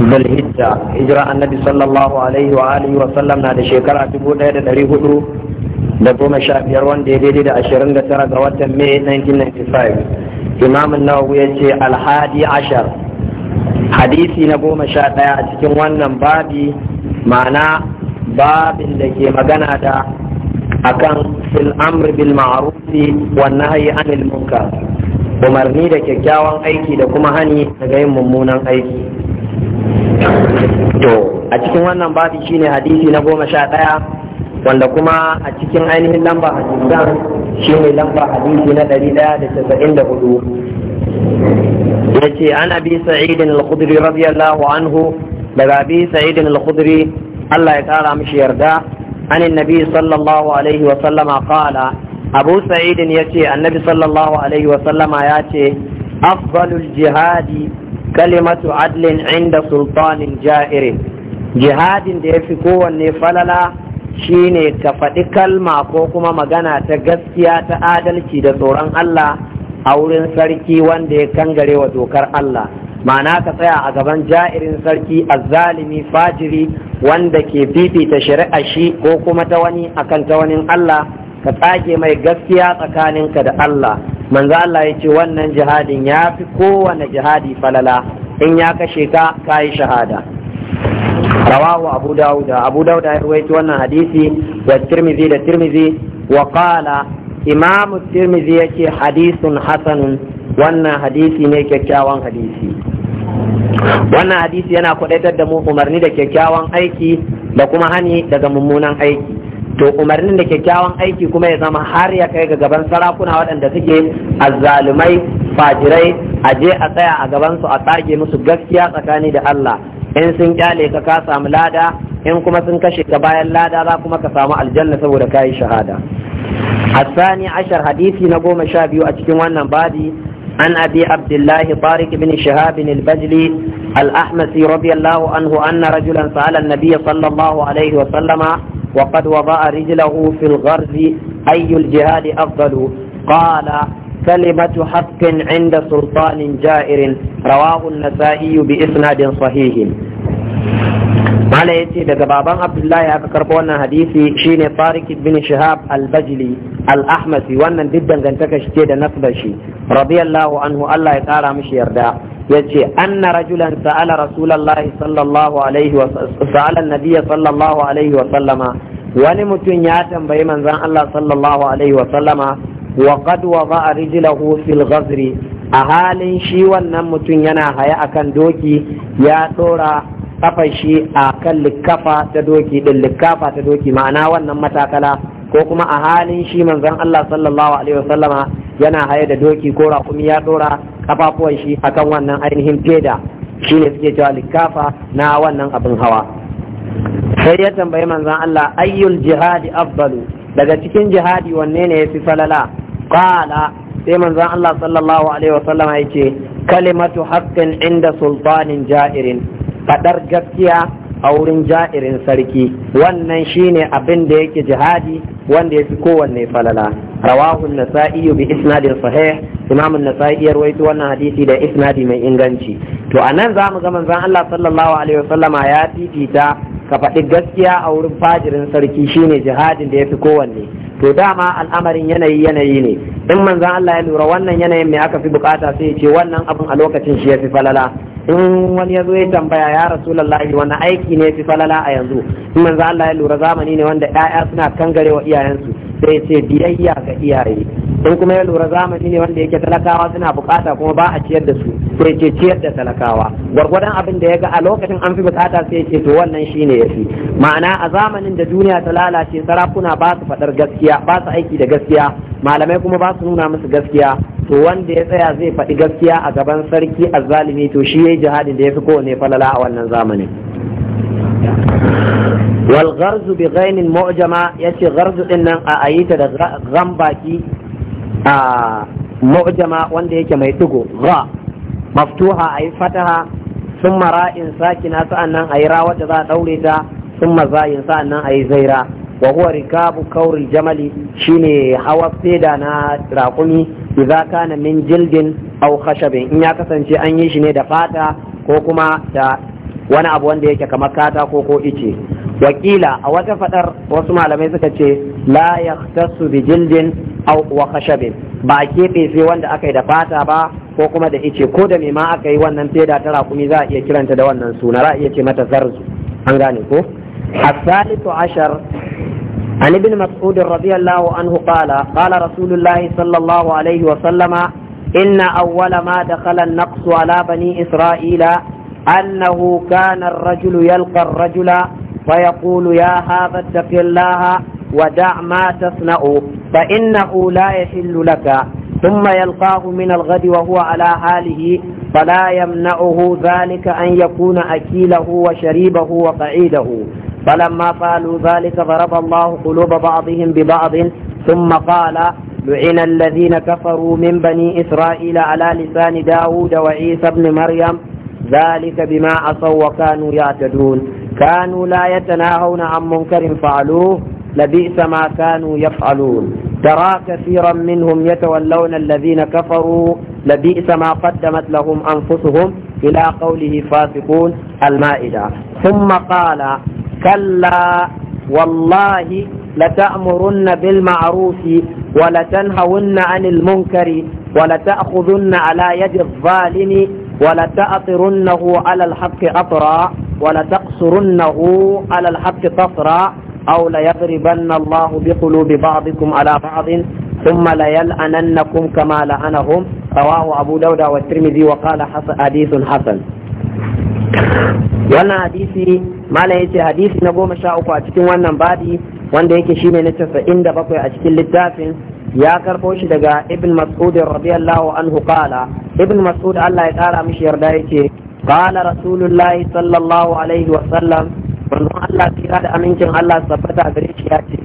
zulhijja hijira annabi sallallahu alaihi wa alihi wa sallam na da shekara dubu ɗaya da ɗari hudu da goma sha biyar wanda ya daidai da ashirin da tara ga watan mai 1995 imamin nawawi ya ce alhadi ashar hadisi na goma sha ɗaya a cikin wannan babi ma'ana babin da ke magana da akan fil amr bil ma'rufi wa nahyi anil munkar umarni da kyakkyawan aiki da kuma hani daga yin mummunan aiki to a cikin wannan babi shine hadisi na goma sha ɗaya wanda kuma a cikin ainihin lamba hadisan shine lamba hadisi na ɗari ɗaya da casa'in da hudu ya ce an abi sa'idin al-khudri radiyallahu anhu daga abi sa'idin al-khudri Allah ya kara mishi yarda an annabi sallallahu alaihi wa sallama qala abu sa'idin yace annabi sallallahu alaihi wa sallama yace أفضل الجهاد كلمة عدل عند سلطان جائر جهاد da ya fi kowanne falala shine ka faɗi kalma ko kuma magana ta gaskiya ta adalci da tsoron Allah a wurin sarki wanda ya kangare wa dokar Allah ma'ana ka tsaya a gaban ja'irin sarki azzalimi fajiri wanda ke fifita shari'a shi ko kuma ta wani akan ta wani Allah ka tsage mai gaskiya tsakaninka da Allah manzo Allah ya ce wannan jihadin ya fi kowane jihadi falala in ya kashe ka ka yi shahada rawahu abu dauda abu dauda ya rawaito wannan hadisi wa tirmizi da tirmizi wa qala imamu tirmizi yake hadisun hasanun wannan hadisi ne kyakkyawan hadisi wannan hadisi yana kwadaitar da mu umarni da kyakkyawan aiki da kuma hani daga mummunan aiki to umarnin da kyakkyawan aiki kuma ya zama har ya kai ga gaban sarakuna waɗanda suke azzalumai fajirai a je a tsaya a gaban su a tsage musu gaskiya tsakani da Allah in sun kyale ka ka samu lada in kuma sun kashe ka bayan lada za kuma ka samu aljanna saboda ka yi shahada الثاني عشر حديثي نقوم شابيو أتكين وانا بادي عن أبي عبد الله طارق بن شهاب البجلي الأحمسي رضي الله عنه أن رجلا سأل النبي صلى الله عليه وسلم وقد وضع رجله في الغرز أي الجهاد أفضل قال كلمة حق عند سلطان جائر رواه النسائي بإسناد صحيح mala ya ce daga baban abdullahi aka karɓo wannan hadisi shine tariq bin shihab al-bajli al-ahmasi wannan duk dangantaka shi ce da nasbar shi radiyallahu anhu Allah ya kara mishi yarda yace anna rajulan sa'ala rasulullahi sallallahu alaihi wa sa'ala nabiyya sallallahu alaihi wa sallama wani mutum ya tambayi manzon Allah sallallahu alaihi wa sallama wa qad wada'a rijlahu fil ghazri a halin shi wannan mutum yana haya akan doki ya dora kafar shi a kan likafa ta doki din likafa ta doki ma'ana wannan matakala ko kuma a halin shi manzon Allah sallallahu alaihi wasallama yana haye da doki ko raƙumi ya dora kafafuwan shi akan wannan ainihin feda Shi ne suke cewa likafa na wannan abin hawa sai ya tambayi manzon Allah ayyul jihadi afdalu daga cikin jihadi wanne ne yafi falala qala sai manzon Allah sallallahu alaihi wasallama yace kalimatu haqqin inda sultanin ja'irin fadar gaskiya a wurin ja'irin sarki wannan shine abin da yake jihadi wanda ya fi kowanne falala rawahu an-nasa'i bi isnadin sahih imam an-nasa'i wannan hadisi da isnadi mai inganci to a anan zamu ga manzan Allah sallallahu alaihi wasallama ya fifita ka faɗi gaskiya a wurin fajirin sarki shine jihadin da ya fi kowanne to dama al'amarin yanayi yanayi ne in manzon Allah ya lura wannan yanayin mai aka fi bukata sai ya ce wannan abin a lokacin shi ya fi falala in wani ya zo ya tambaya ya rasulullahi wani aiki ne fi falala a yanzu in manzo Allah ya lura zamani ne wanda 'ya'ya suna kangare wa iyayensu sai ce biyayya ga iyaye in kuma ya lura zamani ne wanda yake talakawa suna bukata kuma ba a ciyar da su sai ce ciyar da talakawa gwargwadon abin da ya ga a lokacin an fi bukata sai ce to wannan shine ya fi ma'ana a zamanin da duniya ta lalace sarakuna ba su faɗar gaskiya ba su aiki da gaskiya malamai kuma ba su nuna musu gaskiya to wanda ya tsaya zai faɗi gaskiya a gaban sarki azzalimi to shi yayi jihadin da ya fi kowane falala a wannan zamanin wal gharzu bi ghainin mu'jama yace gharzu din nan a ayita da zan baki a mu'jama wanda yake mai dugo gha maftuha ayi fataha summa ra'in sakina sa'annan ayi rawa da za a daure ta summa za'in sa'annan ayi zaira wa huwa rikabu kauri jamali shine hawa seda na raƙumi idza kana min jildin aw khashabin in ya kasance an yi shi ne da fata ko kuma da wani abu wanda yake kamar kata ko ko ice wakila a wata faɗar wasu malamai suka ce la yahtassu bi jildin aw wa khashabin ba keɓe sai wanda aka yi da fata ba ko kuma da ice ko da me ma aka yi wannan feda ta rakumi za a iya kiranta da wannan suna za a iya ce mata zarzu an gane ko الثالث عشر عن ابن مسعود رضي الله عنه قال قال رسول الله صلى الله عليه وسلم إن أول ما دخل النقص على بني إسرائيل أنه كان الرجل يلقى الرجل فيقول يا هذا اتق الله ودع ما تصنع فإنه لا يحل لك ثم يلقاه من الغد وهو على حاله فلا يمنعه ذلك أن يكون أكيله وشريبه وقعيده فلما قالوا ذلك ضرب الله قلوب بعضهم ببعض ثم قال لعن الذين كفروا من بني إسرائيل على لسان داود وعيسى بن مريم ذلك بما عصوا وكانوا يعتدون كانوا لا يتناهون عن منكر فعلوه لبئس ما كانوا يفعلون ترى كثيرا منهم يتولون الذين كفروا لبئس ما قدمت لهم أنفسهم إلى قوله فاسقون المائدة ثم قال كلا والله لتأمرن بالمعروف ولتنهون عن المنكر ولتأخذن على يد الظالم ولتأطرنه على الحق أطرا wala taqsurunnahu ala al-haqqi tasra aw la yadribanna Allahu bi qulubi ba'dikum ala ba'din ثم ليلأننكم كما لعنهم رواه أبو داود والترمذي وقال حديث حسن wannan hadisi mala ya ce hadisi na goma sha uku a cikin wannan badi wanda yake shi ne na casa'in da bakwai a cikin littafin ya karɓo shi daga ibn mas'ud radiyallahu anhu qala ibn mas'ud Allah ya ƙara mishi yarda ya ce قال رسول الله صلى الله عليه وسلم manzon Allah kira da amincin Allah sabbata a ya ce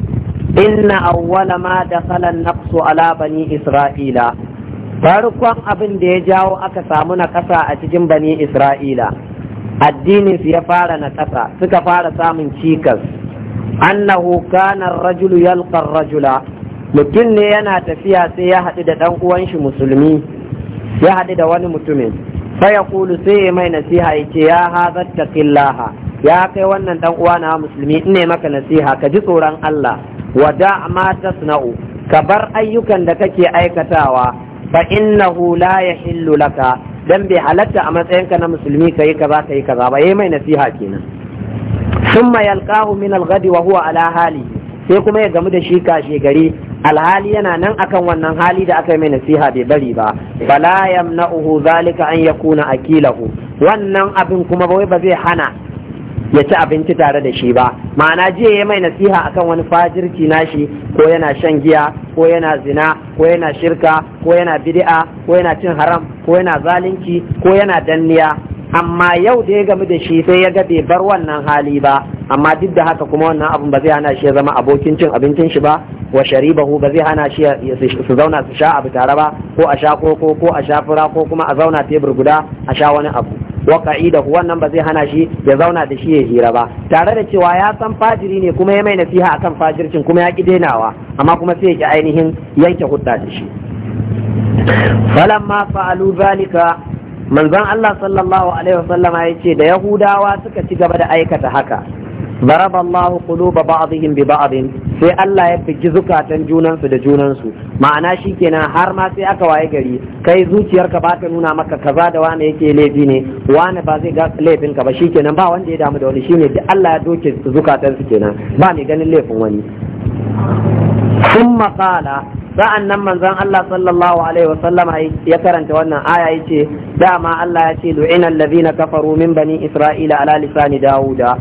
inna awwala ma dakhala ala bani isra'ila farkon abin da ya jawo aka samu na kasa a cikin bani isra'ila addinin su ya fara na kasa suka fara samun cikas annahu kana rajulu yalqa rajula mutum ne yana tafiya sai ya haɗu da ɗan uwan shi musulmi ya haɗu da wani mutumin fa Kulu sai ya mai nasiha ya ce ya hadha taqillaha ya kai wannan dan uwa na musulmi in ne maka nasiha ka ji tsoron Allah wa da ma tasna'u ka bar ayyukan da kake aikatawa ba fa innahu la yahillu laka dan bai halatta a matsayinka na musulmi kai kaza kai kaza ba yayi mai nasiha kenan thumma yalqahu min al wa huwa ala hali sai kuma ya gamu da shi kashe gari alhali yana nan akan wannan hali da aka yi mai nasiha bai bari ba bala yamna'uhu zalika an yakuna akilahu wannan abin kuma bai ba zai hana ya ci abinci tare da shi ba ma'ana jiya ya mai nasiha akan wani fajirci nashi ko yana shan giya ko yana zina ko yana shirka ko yana bid'a ko yana cin haram ko yana zalunci ko yana danniya amma yau da ya gamu da shi sai ya ga bai bar wannan hali ba amma duk da haka kuma wannan abin ba zai hana shi ya zama abokin cin abincin shi ba wa sharibahu ba zai hana shi su zauna su sha abu tare ba ko a sha koko ko a sha fura ko kuma a zauna tebur guda a sha wani abu wa hu wannan ba zai hana shi ya zauna da shi ya hira ba tare da cewa ya san fajiri ne kuma ya mai nasiha akan fajircin kuma ya ki dainawa amma kuma sai ya ki ainihin yanke hudda da shi falamma fa'alu zalika manzon Allah sallallahu alaihi wasallama yace da yahudawa suka ci gaba da aikata haka ضرب الله قلوب بعضهم ببعض sai Allah ya fiki zukatan junansu da junansu ma'ana shi kenan har ma sai aka waye gari kai zuciyarka ba ta nuna maka kaza da wani yake laifi ne wani ba zai ga laifin ka ba shi kenan ba wanda ya damu da wani shine duk Allah ya doke zukatan kenan ba mai ganin laifin wani summa qala sa'an nan manzon Allah sallallahu alaihi wasallama ya karanta wannan aya yace dama Allah ya ce lu'ina allazina kafaru min bani isra'ila ala lisani dauda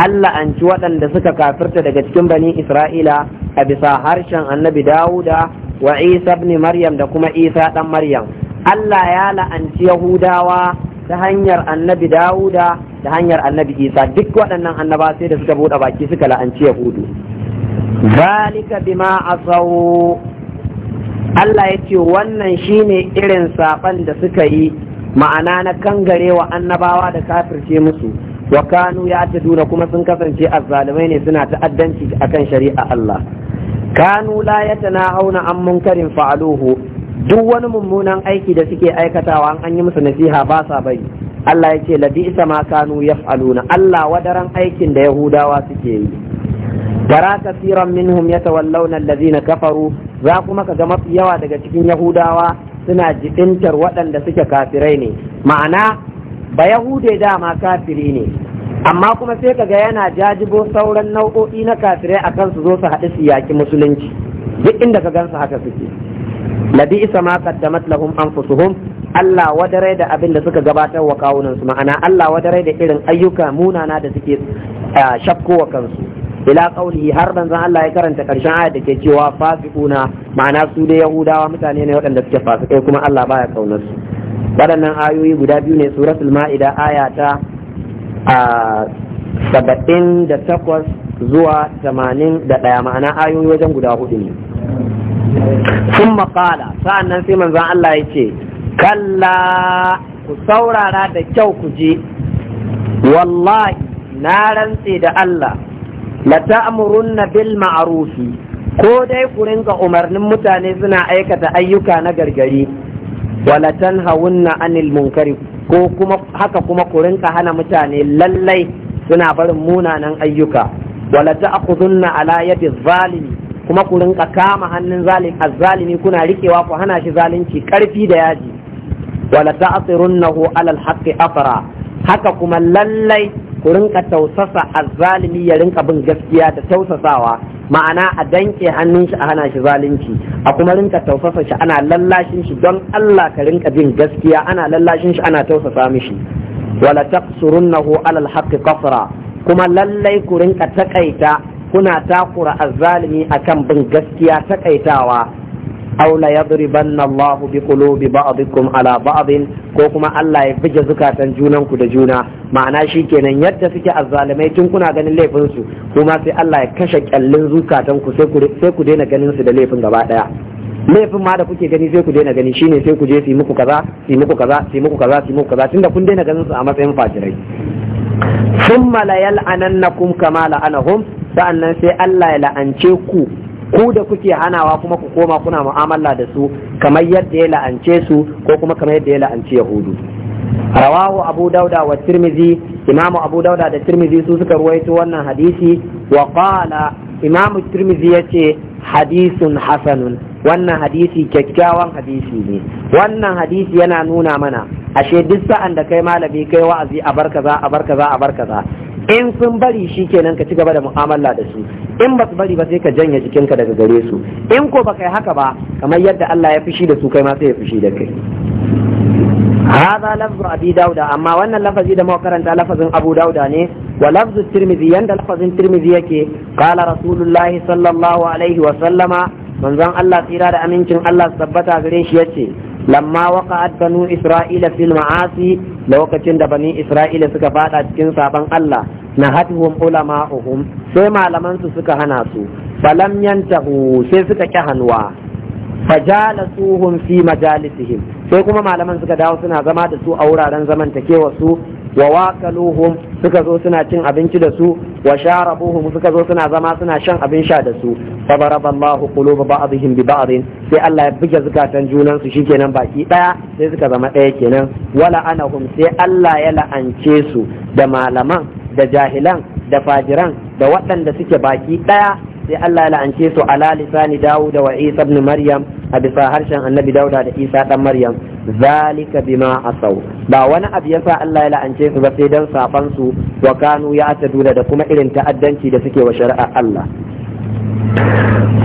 Allah an ci waɗanda suka kafirta daga cikin bani Isra'ila a bisa harshen annabi Dawuda wa Isa ibn Maryam da kuma Isa ɗan Maryam. Allah ya la'anci Yahudawa ta hanyar annabi Dawuda da hanyar annabi Isa duk waɗannan annaba sai da suka buɗe baki suka la'anci Yahudu. Zalika bima asaw Allah ya ce wannan shine irin saɓan da suka yi ma'ana na kangarewa annabawa da kafirce musu. wa kanu ya duna kuma sun kasance azzalimai ne suna ta'addanci akan shari'a Allah kanu la ya ta na auna an munkarin fa'aluhu duk wani mummunan aiki da suke aikatawa an yi musu nasiha ba sa bari Allah ya ce labi isa ma kanu yaf'aluna Allah wadaran aikin da Yahudawa suke yi tara kasiran minhum yatawallawna allazina kafaru za kuma ka ga mafi yawa daga cikin Yahudawa suna jibintar waɗanda suke kafirai ne ma'ana ba yahude dama kafiri ne amma kuma sai kaga yana jajibo sauran nau'o'i na kafirai kan su zo su haɗu su yaki musulunci duk inda ka gansu haka suke labi isa ma kaddamat lahum anfusuhum Allah wadare da abin da suka gabatar wa kawunan su ma'ana Allah wadare da irin ayyuka munana da suke ah, shakko wa kansu ila qawlihi har zan Allah ya karanta karshen ayat da ke cewa fasiquna ma'ana su da yahudawa mutane ne waɗanda suke fasikai kuma Allah baya kaunar su waɗannan ayoyi guda biyu ne suratul ma'ida aya ta saba'in da takwas zuwa tamanin da ɗaya ma'ana ayoyi wajen guda hudu ne sun makala, sa'an nan sai manzon Allah ya ce kalla ku saurara da kyau ku je wallahi na rantse da Allah lata'murunna bil ma'ruf ko dai ku rinka umarnin mutane suna aikata ayyuka na gargari wala tanhawunna anil munkari ko kuma haka kuma ku rinka hana mutane lallai suna barin munanan ayyuka wala ta'khudunna ala yadi zalimi kuma ku rinka kama hannun zalim kuna rikewa ku hana shi zalunci karfi da yaji wala ta'sirunnahu ala alhaqqi afra haka kuma lallai ku rinka tausasa azzalimi ya rinka bin gaskiya da tausasawa ma'ana a danke hannun shi a hana shi zalunci a kuma rinka tausasa shi ana lallashin shi don Allah ka rinka bin gaskiya ana lallashin shi ana tausasa mishi wala taqsurunnahu alal haqqi qasra kuma lallai ku rinka takaita kuna takura azzalimi akan bin gaskiya takaitawa aw la yadribanna Allahu bi qulubi ba'dikum ala ba'd ko kuma Allah ya fije zukatan junan ku da juna ma'ana shikenan yadda suke azzalimai tun kuna ganin laifin su kuma sai Allah ya kashe kyallin zukatan ku sai ku sai ku daina ganin su da laifin gaba daya laifin ma da kuke gani sai ku daina gani shine sai ku je su yi muku kaza su yi muku kaza su yi muku kaza su yi muku kaza tunda kun daina ganin su a matsayin fajirai thumma la yal'anannakum kama la'anahum sa'annan sai Allah ya la'ance ku ku da kuke hanawa kuma ku koma kuna mu'amala da su kamar yadda ya la'ance su ko kuma kamar yadda ya la'anci yahudu rawahu abu dauda wa tirmizi imamu abu dauda da tirmizi su suka ruwaito wannan hadisi wa qala imamu tirmizi yace hadisun hasanun wannan hadisi kyakkyawan hadisi ne wannan hadisi yana nuna mana ashe duk sa'an da kai malami kai wa'azi a bar kaza a barkaza kaza a barkaza kaza, in sun bari shi kenan ka ci gaba da mu'amala da su in ba su bari ba sai ka janye jikinka daga gare su in ko ba kai haka ba kamar yadda Allah ya fishi da su kai ma sai ya fishi da kai hadha lafzu abi dauda amma wannan lafazi da muka karanta lafazin abu dauda ne wa lafzu tirmidhi yanda lafazin tirmidhi yake qala rasulullahi sallallahu alaihi wa sallama manzon Allah tsira da amincin Allah tabbata gare shi yace lamma waqa'at banu isra'ila fil lokacin da bani isra'ila suka fada cikin sabon Allah Na nahatuhum ulama'uhum sai malaman su suka hana su falam yantahu sai suka ki hanwa suhun fi majalisihim sai kuma malaman suka dawo suna zama da su a wuraren zamantakewa su wa wakaluhum suka zo suna cin abinci da su wa sharabuhum suka zo suna zama suna shan abin sha da su fa baraballahu quluba ba'dihim bi ba'din sai Allah ya buge zukatan junan su shikenan baki daya sai suka zama daya kenan wala anahum sai Allah ya la'ance su da malaman da jahilan da fajiran da waɗanda suke baki daya sai Allah ya la'ance su ala lisani Dawud wa Isa ibn Maryam a bisa harshen Annabi Dawud da Isa dan Maryam zalika bima asau ba wani abu yasa Allah ya la'ance su ba sai dan saban su wa kanu ya ataduna da kuma irin ta'addanci da suke wa shari'ar Allah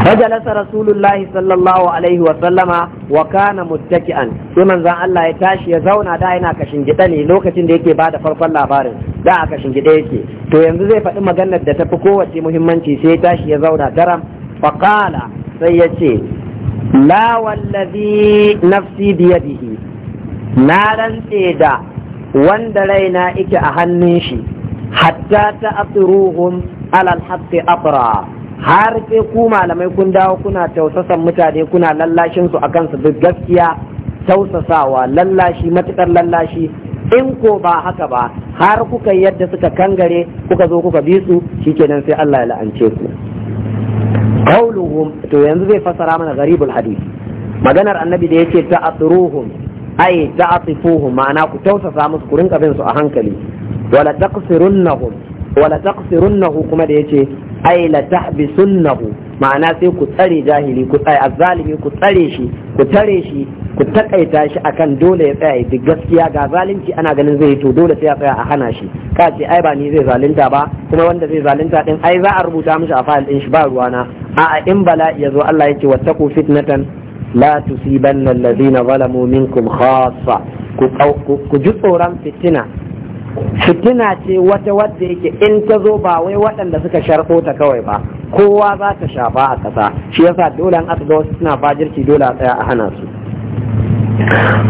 فجلس رسول الله صلى الله عليه وسلم وكان متكئا ثم زان الله ya tashi ya zauna da yana kashin gida ne lokacin da yake bada farkon labarin da a kashin gida yake to yanzu zai faɗi maganar da tafi kowace muhimmanci sai tashi ya zauna daram faqala sai ya ce la wallazi nafsi biyadihi na rantse da wanda raina yake a hannun shi hatta ta asiruhum alal haqqi afra har sai ku malamai kun dawo kuna tausasan mutane kuna lallashin su akan su duk gaskiya tausasawa lallashi matukar lallashi in ko ba haka ba har kuka yadda suka kangare kuka zo kuka bi su shikenan sai Allah ya la'ance ku qauluhum to yanzu zai fasara mana garibul hadith maganar annabi da yake ta'atruhum ay ta'atifuhum ma'ana ku tausasa musu ku rinka bin su a hankali wala taqsirunnahum wala taqsirunnahu kuma da yace ai la tahbisunnahu ma'ana sai ku tsare jahili ku tsare azzalimi ku tsare shi ku tare shi ku takaita shi akan dole ya tsaya duk gaskiya ga zalunci ana ganin zai to dole sai ya tsaya a hana shi ka ce ai ba ni zai zalunta ba kuma wanda zai zalunta din ai za a rubuta mishi a fayil din shi ba ruwana a a in bala ya zo Allah yake wattaqu fitnatan la tusibanna alladhina zalamu minkum khassa ku ji tsoron fitina fitina ce wata wadda yake in ta zo ba wai waɗanda suka sharko ta kawai ba kowa za ta shafa a ƙasa shi yasa dole an aka ga wasu suna fajirci dole a tsaya a hana su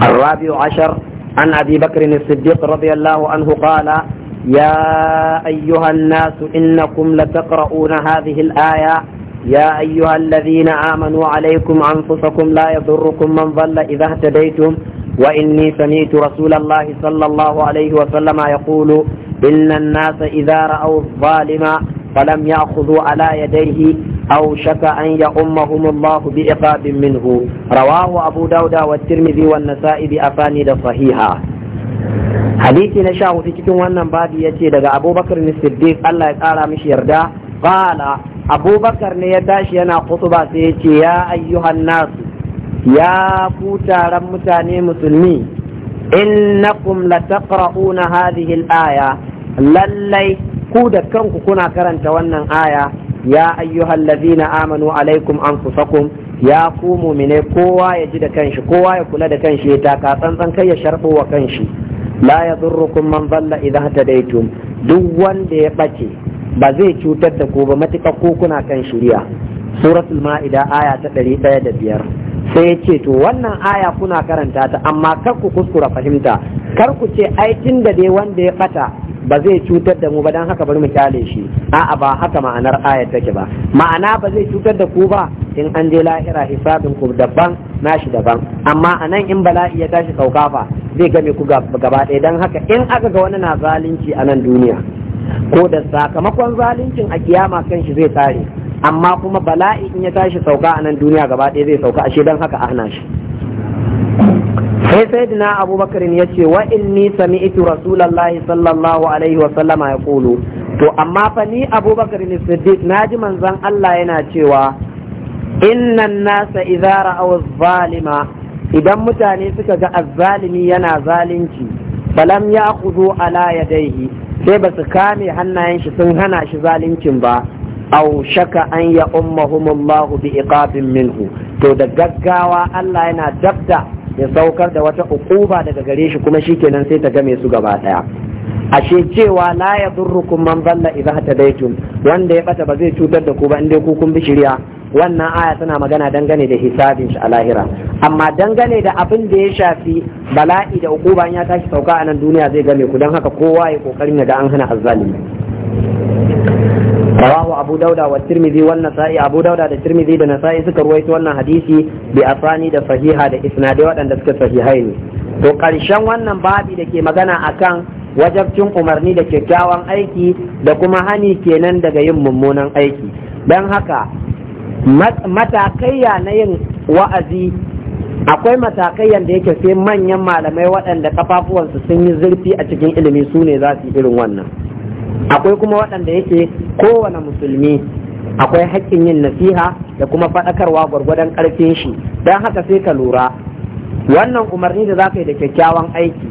الرابع عشر عن أبي بكر الصديق رضي الله عنه قال يا أيها الناس إنكم لتقرؤون هذه الآية يا أيها الذين آمنوا عليكم أنفسكم لا يضركم من ضل إذا اهتديتم وإني سمعت رسول الله صلى الله عليه وسلم يقول إن الناس إذا رأوا الظالم فلم يأخذوا على يديه أو شك أن يأمهم الله بعقاب منه رواه أبو داود والترمذي والنسائي بأسانيد صحيحة حديث نشاه في cikin wannan babi yace daga Abu Bakar Siddiq Allah ya kara mishi yarda qala Abu Bakar ne ya tashi yana khutba sai yace ya ayyuhan nasu ya ku taron mutane musulmi innakum lataqra'una hadhihi al-aya lallai ku da kanku kuna karanta wannan aya ya ayyuhal ladina amanu alaikum anfusakum ya ku mumine kowa ya ji da kanshi kowa ya kula da kanshi ya taka tsantsan kai ya sharbo wa kanshi la yadurrukum man dalla idha hadaytum duk wanda ya bace ba zai cutar da ku ba matuƙa ko kuna kan shari'a suratul ma'ida aya ta ɗari ɗaya da biyar sai ya ce to wannan aya kuna karanta ta amma kar ku kuskura fahimta kar ku ce ai da dai wanda ya bata ba zai cutar da mu ba dan haka bari mu kyale shi a'a ba haka ma'anar ayar take ba ma'ana ba zai cutar da ku ba in an je lahira hisabin ku daban nashi daban amma anan in bala'i ya tashi sauka fa zai game ku gaba ɗaya dan haka in aka ga wani na zalunci a nan duniya ko da sakamakon zaluncin a kiyama kan shi zai tare amma kuma bala'i in ya tashi sauka a nan duniya gaba ɗaya zai sauka ashe don haka ahna shi sai sayyidina abubakar ya ce wa sami sami'tu rasulallahi sallallahu alaihi wa sallama ya kulu to amma fa ni abubakar siddiq ji manzan Allah yana cewa innan nasa idza ra'aw zalima idan mutane suka ga azzalimi yana zalunci ya ya'khudhu ala ya daihi sai ba su kame hannayen shi sun hana shi zaluncin ba Au shaka an ya ummahum Allah bi iqabin minhu to da gaggawa Allah yana dabda ya saukar da wata ukuba daga gare shi kuma shikenan sai ta game su gaba daya ashe cewa la durrukum man dalla idha tadaytum wanda ya bata ba zai cutar da ku ba inda ku kun bi shirya wannan aya tana magana dangane da hisabin shi a lahira amma dangane da abin da ya shafi bala'i da ukuba ya tashi sauka a nan duniya zai game ku don haka kowa ya kokarin ya ga an hana azzalimi rawahu abu dauda wa tirmidhi wal nasa'i abu dauda da tirmidhi da nasa'i suka ruwaito wannan hadisi bi asani da sahiha da isnadi waɗanda suka sahihai ne to karshen wannan babi da ke magana akan wajabcin umarni da kyakkyawan aiki da kuma hani kenan daga yin mummunan aiki don haka matakaiya na yin wa'azi akwai matakaiyan da yake sai manyan malamai waɗanda kafafuwansu sun yi zurfi a cikin ilimi su ne za su yi irin wannan akwai kuma waɗanda yake kowane musulmi akwai haƙƙin yin nasiha da kuma faɗakarwa gwargwadon ƙarfin shi don haka sai ka lura wannan umarni da za ka yi da kyakkyawan aiki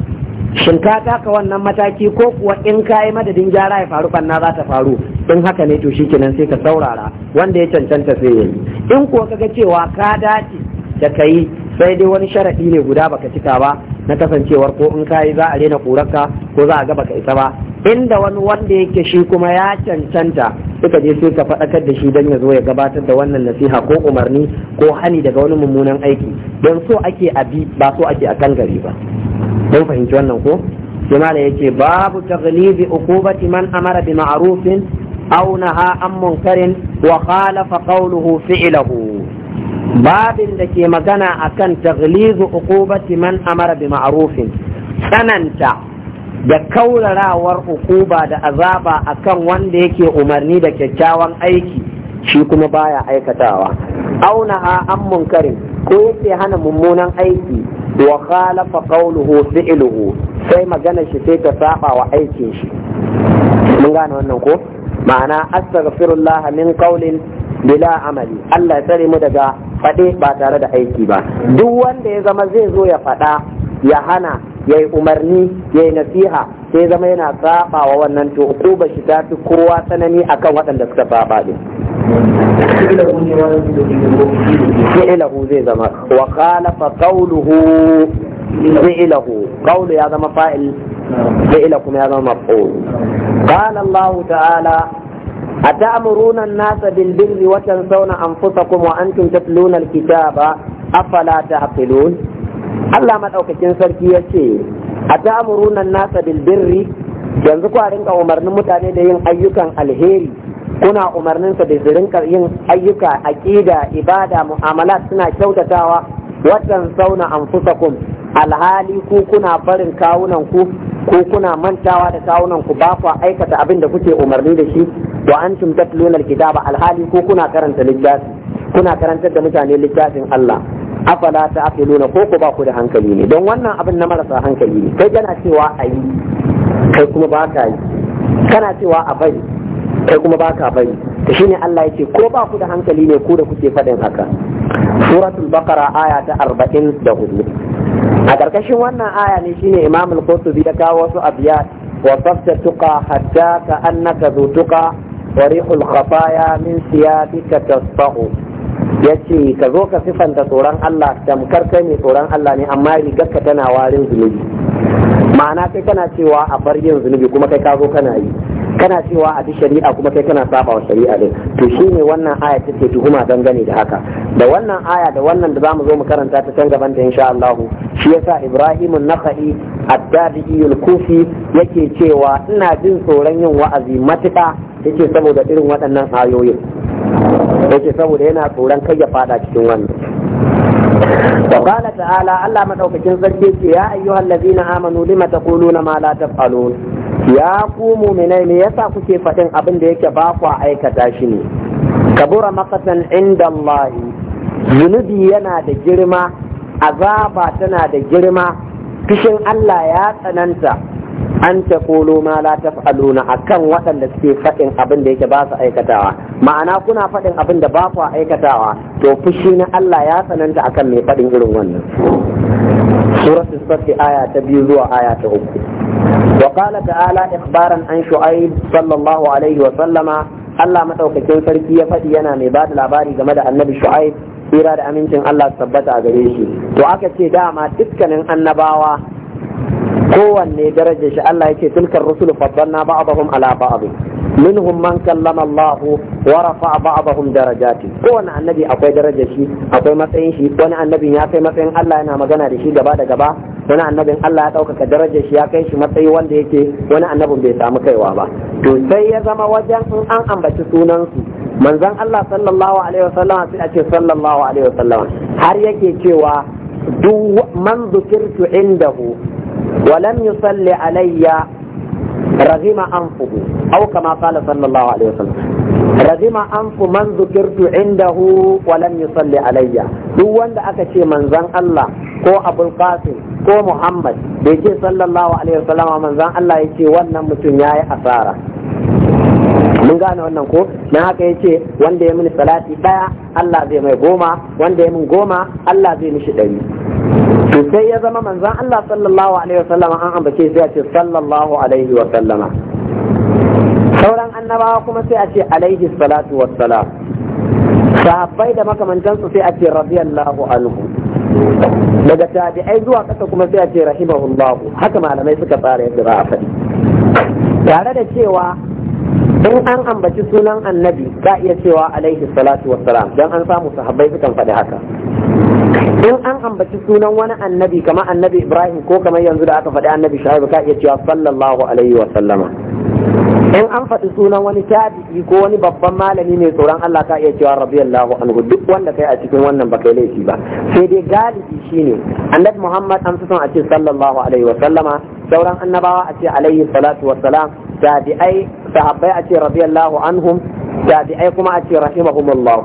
shin ka taka wannan mataki ko kuwa in ka yi madadin gyara ya faru ɓanna za ta faru in haka ne to shi kenan sai ka saurara wanda ya cancanta sai ya yi in kuwa ka ga cewa ka dace da ka yi sai dai wani sharaɗi ne guda baka cika ba na kasancewar ko in kayi za a rena ƙurarka ko za a gaba ka isa ba inda wani wanda yake shi kuma ya cancanta suka je sai ka faɗakar da shi don ya zo ya gabatar da wannan nasiha ko umarni ko hani daga wani mummunan aiki don so ake bi ba so ake kan gari ba don fahimci wannan ko sai mala yace babu taghlibi uqubati man amara bi ma'arufin auna naha an munkarin wa khalafa qawluhu fi'luhu babin da ke magana a kan taglizu uqubati man amara bi ma'rufin tsananta da kaurarawar ukuba da azaba akan wanda yake umarni da kyakkyawan aiki shi kuma baya aikatawa auna a an munkari ko yake hana mummunan aiki wa khalafa qawluhu fi'luhu sai magana shi sai ta saba wa aikin shi mun gane wannan ko ma'ana astaghfirullah min qawlin bila amali Allah ya tsare mu daga faɗe ba tare da aiki ba duk wanda ya zama zai zo ya faɗa ya hana ya yi umarni ya yi nasiha sai zama yana saba wa wannan to ukuba shi ta fi kowa tsanani akan waɗanda suka saba din fi'ilahu zai zama wa khalafa qawluhu fi'ilahu qawlu ya zama fa'il fi'ila kuma ya zama maf'ul qala Allah ta'ala أتأمرون الناس بالبر وتنسون أنفسكم وأنتم تتلون الكتاب أفلا تعقلون Allah maɗaukakin sarki ya ce, A ta'amuruna nasa bilbirri yanzu kwa rinka umarnin mutane da yin ayyukan alheri kuna umarninsa da su rinka yin ayyuka aƙida ibada mu'amala suna kyautatawa watan sauna anfusakum alhali ku kuna barin kawunan ku ko kuna mantawa da kawunan ku ba ku aikata abin da kuke umarni da shi wa antum tatluna alkitaba alhali ko kuna karanta littafi kuna karantar da mutane littafin Allah afala ta'qiluna ko ku ba ku da hankali ne don wannan abin na marasa hankali ne kai kana cewa ayi kai kuma ba ka yi kana cewa a bari kai kuma baka bari shi ne Allah yace ko ba ku da hankali ne ko da kuke faɗin haka suratul baqara aya ta 44 a karkashin wannan aya ne shine imam al-qurtubi kawo wasu abiya wa safta tuqa hatta ka annaka zu tuqa wa rihul khataya min siyabika tasfahu yace ka zo ka sifanta tsoron Allah tamkar kai mai tsoron Allah ne amma rigarka tana warin zunubi ma'ana kai kana cewa a bar yin zunubi kuma kai ka zo kana yi kana cewa a duk shari'a kuma kai kana saba wa shari'a din to shine wannan aya take tuhuma dangane da haka da wannan aya da wannan da zamu zo mu karanta ta can gaban da insha Allah shi yasa Ibrahim an-Nakhai at-Tabi'i al-Kufi yake cewa ina jin tsoron yin wa'azi matuƙa yake saboda irin waɗannan ayoyin yake saboda yana tsoron kai ya fada cikin wannan وقال تعالى الله مدوكين سركي يا ايها الذين امنوا لما تقولون ما لا تفعلون ya ku muminai me yasa kuke faɗin abin da yake ba ku aikata shi ne kabura makasan inda Allah zunubi yana da girma azaba tana da girma kishin Allah ya tsananta an ta kolo ma la taf'aluna akan waɗanda suke faɗin abin da yake ba su aikatawa ma'ana kuna faɗin abin da ba ku aikatawa to fushi na Allah ya tsananta akan mai faɗin irin wannan suratul safi aya ta biyu zuwa aya ta uku وقال تعالى إخبارا عن شعيب صلى الله عليه وسلم Allah madaukakin sarki ya faɗi yana mai ba da labari game da annabi Shu'aib tsira da amincin Allah tabbata a gare shi to aka ce dama dukkanin annabawa kowanne darajar shi Allah yake tilkar rusul faddalna ba'dahum ala ba'd minhum man kallama Allah wa rafa'a ba'dahum darajati kowanne annabi akwai darajar shi akwai matsayin shi wani annabi ya kai matsayin Allah yana magana da shi gaba da gaba wani annabin Allah ya ɗaukaka darajar shi ya kai shi matsayi wanda yake wani annabin bai samu kaiwa ba to sai ya zama wajen in an ambaci sunansu manzon Allah sallallahu alaihi wasallam sai a ce sallallahu alaihi wasallam har yake cewa duk man zukirtu indahu wa lam yusalli alayya ragima anfuhu aw kama qala sallallahu alaihi wasallam ragima anfu man zukirtu indahu wa lam yusalli alayya duk wanda aka ce manzon Allah ko Abul Qasim ko Muhammad da yake sallallahu alaihi wasallam manzon Allah yake wannan mutum yayi asara mun gane wannan ko na haka ce wanda ya mini salati ɗaya Allah zai mai goma wanda ya min goma Allah zai mishi ɗari to sai ya zama manzan Allah sallallahu alaihi wa wasallam an ambace sai a ce sallallahu alaihi wa sallama sauran annabawa kuma sai a ce alaihi salatu wassalam sahabbai da makamantansu sai a ce radiyallahu anhu daga tabi'ai zuwa kasa kuma sai a ce rahimahullahu haka malamai suka tsara yadda za a faɗi tare da cewa in an ambaci sunan annabi za iya cewa alaihi salatu wassalam dan an samu sahabbai sukan faɗi haka in an ambaci sunan wani annabi kamar annabi ibrahim ko kamar yanzu da aka faɗi annabi shaibu ka iya cewa sallallahu alaihi wa sallama in an faɗi sunan wani tabi'i ko wani babban malami mai tsoron Allah ka iya cewa radiyallahu anhu duk wanda kai a cikin wannan ba kai laifi ba sai dai galibi shine annabi Muhammad an fi son a ce sallallahu alaihi wa sallama sauran annabawa a ce alaihi salatu wa salam tabi'ai sahabbai a ce radiyallahu anhum tabi'ai kuma a ce rahimahumullah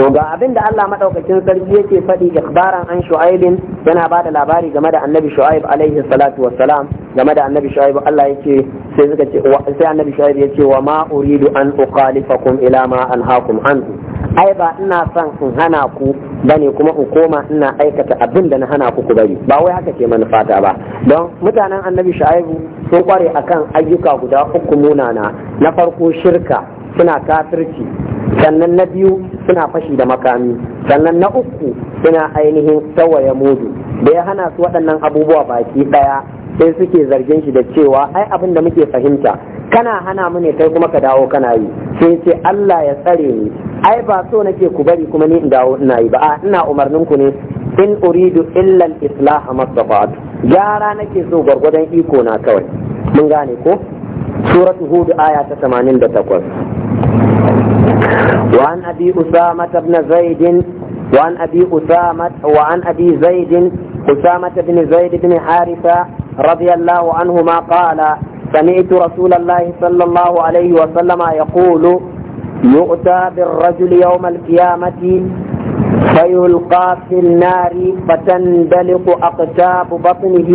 to ga abin da Allah madaukakin sarki yake faɗi ikhbaran an shu'aib yana ba da labari game da annabi shu'aib alaihi salatu wassalam game da annabi shu'aib Allah yake sai suka ce sai annabi shu'aib yake wa ma uridu an uqalifakum ila ma anhaakum anhu ai ba ina son in hana ku bane kuma in koma ina aikata abin da na hana ku ku bari ba wai haka ke manufata ba don mutanen annabi shu'aib sun kware akan ayyuka guda uku munana na farko shirka suna kafirci sannan na biyu suna fashi da makami sannan na uku suna ainihin tsawaye mudu da ya hana su waɗannan abubuwa baki ɗaya sai suke zargin shi da cewa ai abin da muke fahimta kana hana mu ne kai kuma ka dawo kana yi sai ce Allah ya tsare ni ai ba so nake ku bari kuma ni in dawo ina yi ba a ina umarnin ku ne in uridu illa al-islah mastafat gyara nake so gwargwadon iko na kawai mun gane ko suratu hud aya ta 88 وعن أبي أسامة بن زيد وعن أبي أسامة وعن أبي زيد أسامة بن زيد بن حارثة رضي الله عنهما قال سمعت رسول الله صلى الله عليه وسلم يقول يؤتى بالرجل يوم القيامة فيلقى في النار فتندلق أقتاب بطنه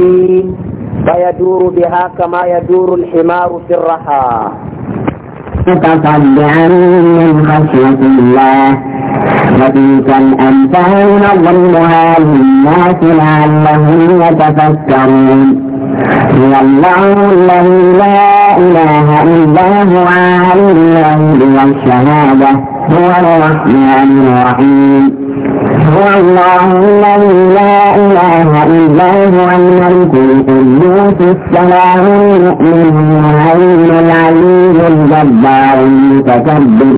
فيدور بها كما يدور الحمار في الرحى متصدعا من خشية الله وتلك الأمثال نضربها للناس لعلهم يتفكرون هو الله الذي لا إله إلا هو عالم الغيب والشهادة هو الرحمن الرحيم هو الله الذي لا إله إلا هو الملك القدوس السلام المؤمن المهيمن العليم الجبار المتكبر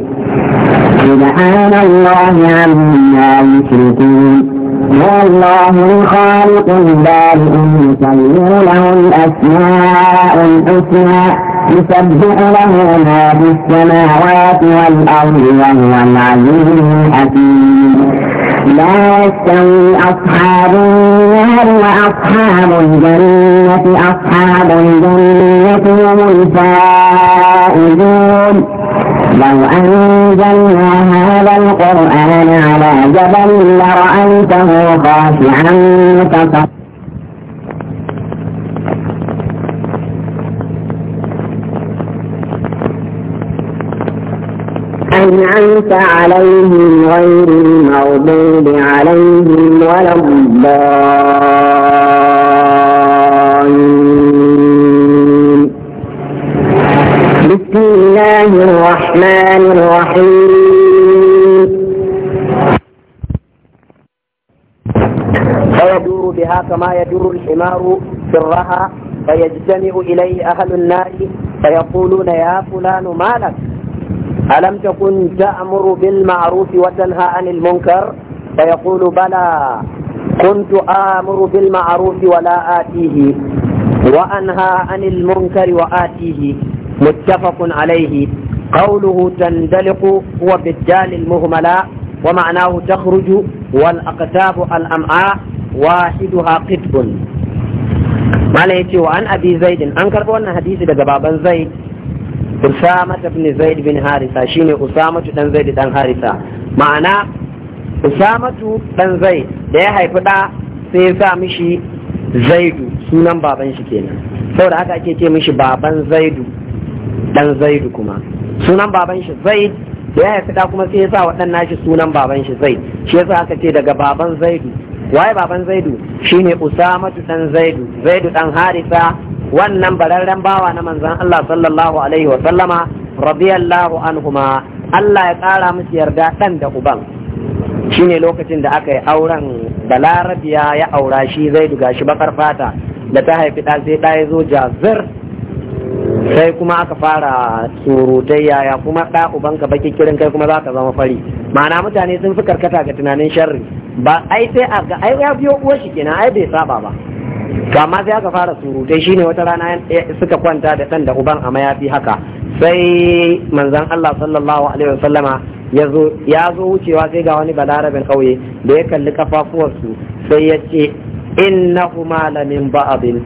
سبحان الله عما يشركون هو الله الخالق البارئ المصور له الأسماء الحسنى يسبح له ما في السماوات والأرض وهو العزيز الحكيم لا يستوي أصحاب النار وأصحاب الجنة أصحاب الجنة هم الفائزون لو أنزلنا هذا القرآن على جبل لرأيته خاشعا متصدعا ليس عليهم غير المغضوب عليهم ولا الضالين بسم الله الرحمن الرحيم فيدور بها كما يدور الحمار في فيجتمع إليه أهل النار فيقولون يا فلان ما لك ألم تكن تأمر بالمعروف وتنهى عن المنكر فيقول بلى كنت آمر بالمعروف ولا آتيه وأنهى عن المنكر وآتيه متفق عليه قوله تندلق هو بالدال المهملة ومعناه تخرج والأقتاب الأمعاء واحدها قطب ما لا يتي أبي زيد أنكر بأن حديث دقبابا زيد Usama ibn Zaid bin Harisa shine Usama ɗan Zaid ɗan Harisa ma'ana Usama ɗan Zaid da ya haifi ɗa sai ya sa mishi Zaidu sunan baban shi kenan sau da haka ake ce mishi baban Zaidu ɗan Zaidu kuma sunan baban shi Zaid da ya haifi ɗa kuma sai ya sa waɗannan nashi sunan baban shi Zaid shi sa haka ce daga baban Zaidu waye baban Zaidu shine Usama ɗan Zaidu Zaidu ɗan Harisa wannan bararren bawa na manzan Allah sallallahu alaihi wasallama radiyallahu anhuma Allah ya ƙara musu yarda ɗan da uban Shi ne lokacin da aka yi auren balarabiya ya aura shi zai duga shi bakar fata da ta haifi ɗa sai ɗa zo jazir sai kuma aka fara surutai yaya kuma ɗa uban ka baki kirin kai kuma za ka zama fari ma'ana mutane sun fi karkata ga tunanin sharri ba ai sai a ga ai ya biyo uwar shi kenan ai bai saba ba to amma sai aka fara surutai shine wata rana suka kwanta da ɗan da uban a mayafi haka sai manzon Allah sallallahu alaihi wasallama ya zo wucewa sai ga wani balarabin ƙauye da ya kalli kafafuwarsu sai ya ce innahuma la min abin?'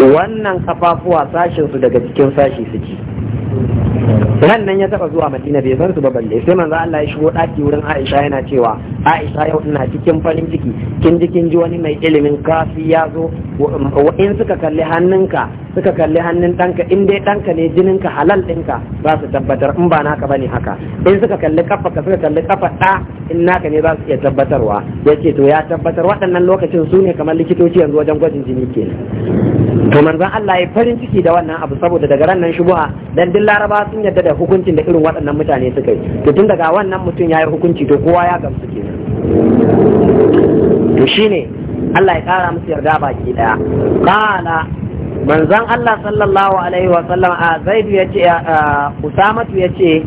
wannan kafafuwa sashinsu daga cikin sashi suke nan nan ya taba zuwa madina bai san su ba balle sai manzo Allah ya shigo daki wurin Aisha yana cewa Aisha yau ina cikin farin ciki kin ji kin ji wani mai ilimin kafi ya zo in suka kalli hannunka suka kalli hannun danka in dai danka ne jininka halal dinka za su tabbatar in ba naka bane haka in suka kalli ka suka kalli kafa da in naka ne za su iya tabbatarwa yace to ya tabbatar waɗannan lokacin su ne kamar likitoci yanzu wajen gwajin jini kenan to manzon Allah ya farin ciki da wannan abu saboda daga ran nan shubuha dan duk Laraba sun yadda da da hukuncin da irin waɗannan mutane suka yi to tun daga wannan mutum ya yi hukunci to kowa ya gamsu ke to shine Allah ya kara musu yarda baki daya qala manzon Allah sallallahu alaihi wa sallam a Zaid yace Usamatu yace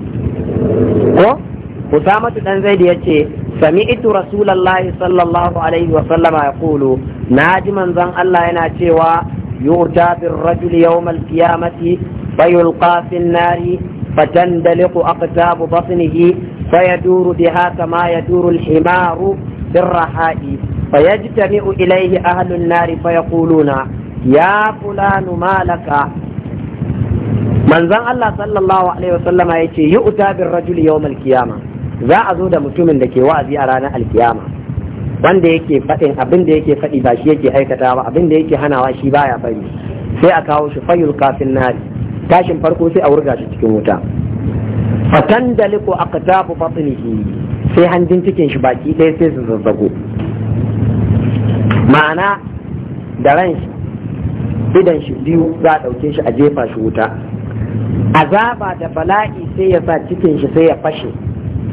ko Usamatu dan Zaid yace سمعت رسول الله صلى الله عليه وسلم يقول ناجما زن الله يناتي يؤتى بالرجل يوم القيامة فيلقى في النار فتندلق أقتاب بطنه فيدور بها كما ilaihi, الحمار في الرحاء فيجتمع إليه أهل النار فيقولون يا فلان ما لك من زن الله صلى الله عليه وسلم يأتي يؤتى بالرجل يوم القيامة za a zo da mutumin da ke wa'azi a ranar alkiyama wanda yake faɗin abin da yake faɗi ba shi yake aikata ba abin da yake hanawa shi baya bari sai a kawo shi fayul kafin nari tashin farko sai a wurga shi cikin wuta fatan da liko aka tafi fatinihi sai hanjin cikin shi baki ɗaya sai su zazzago ma'ana da ran shi idan shi biyu za a ɗauke shi a jefa shi wuta azaba da bala'i sai ya sa cikin shi sai ya fashe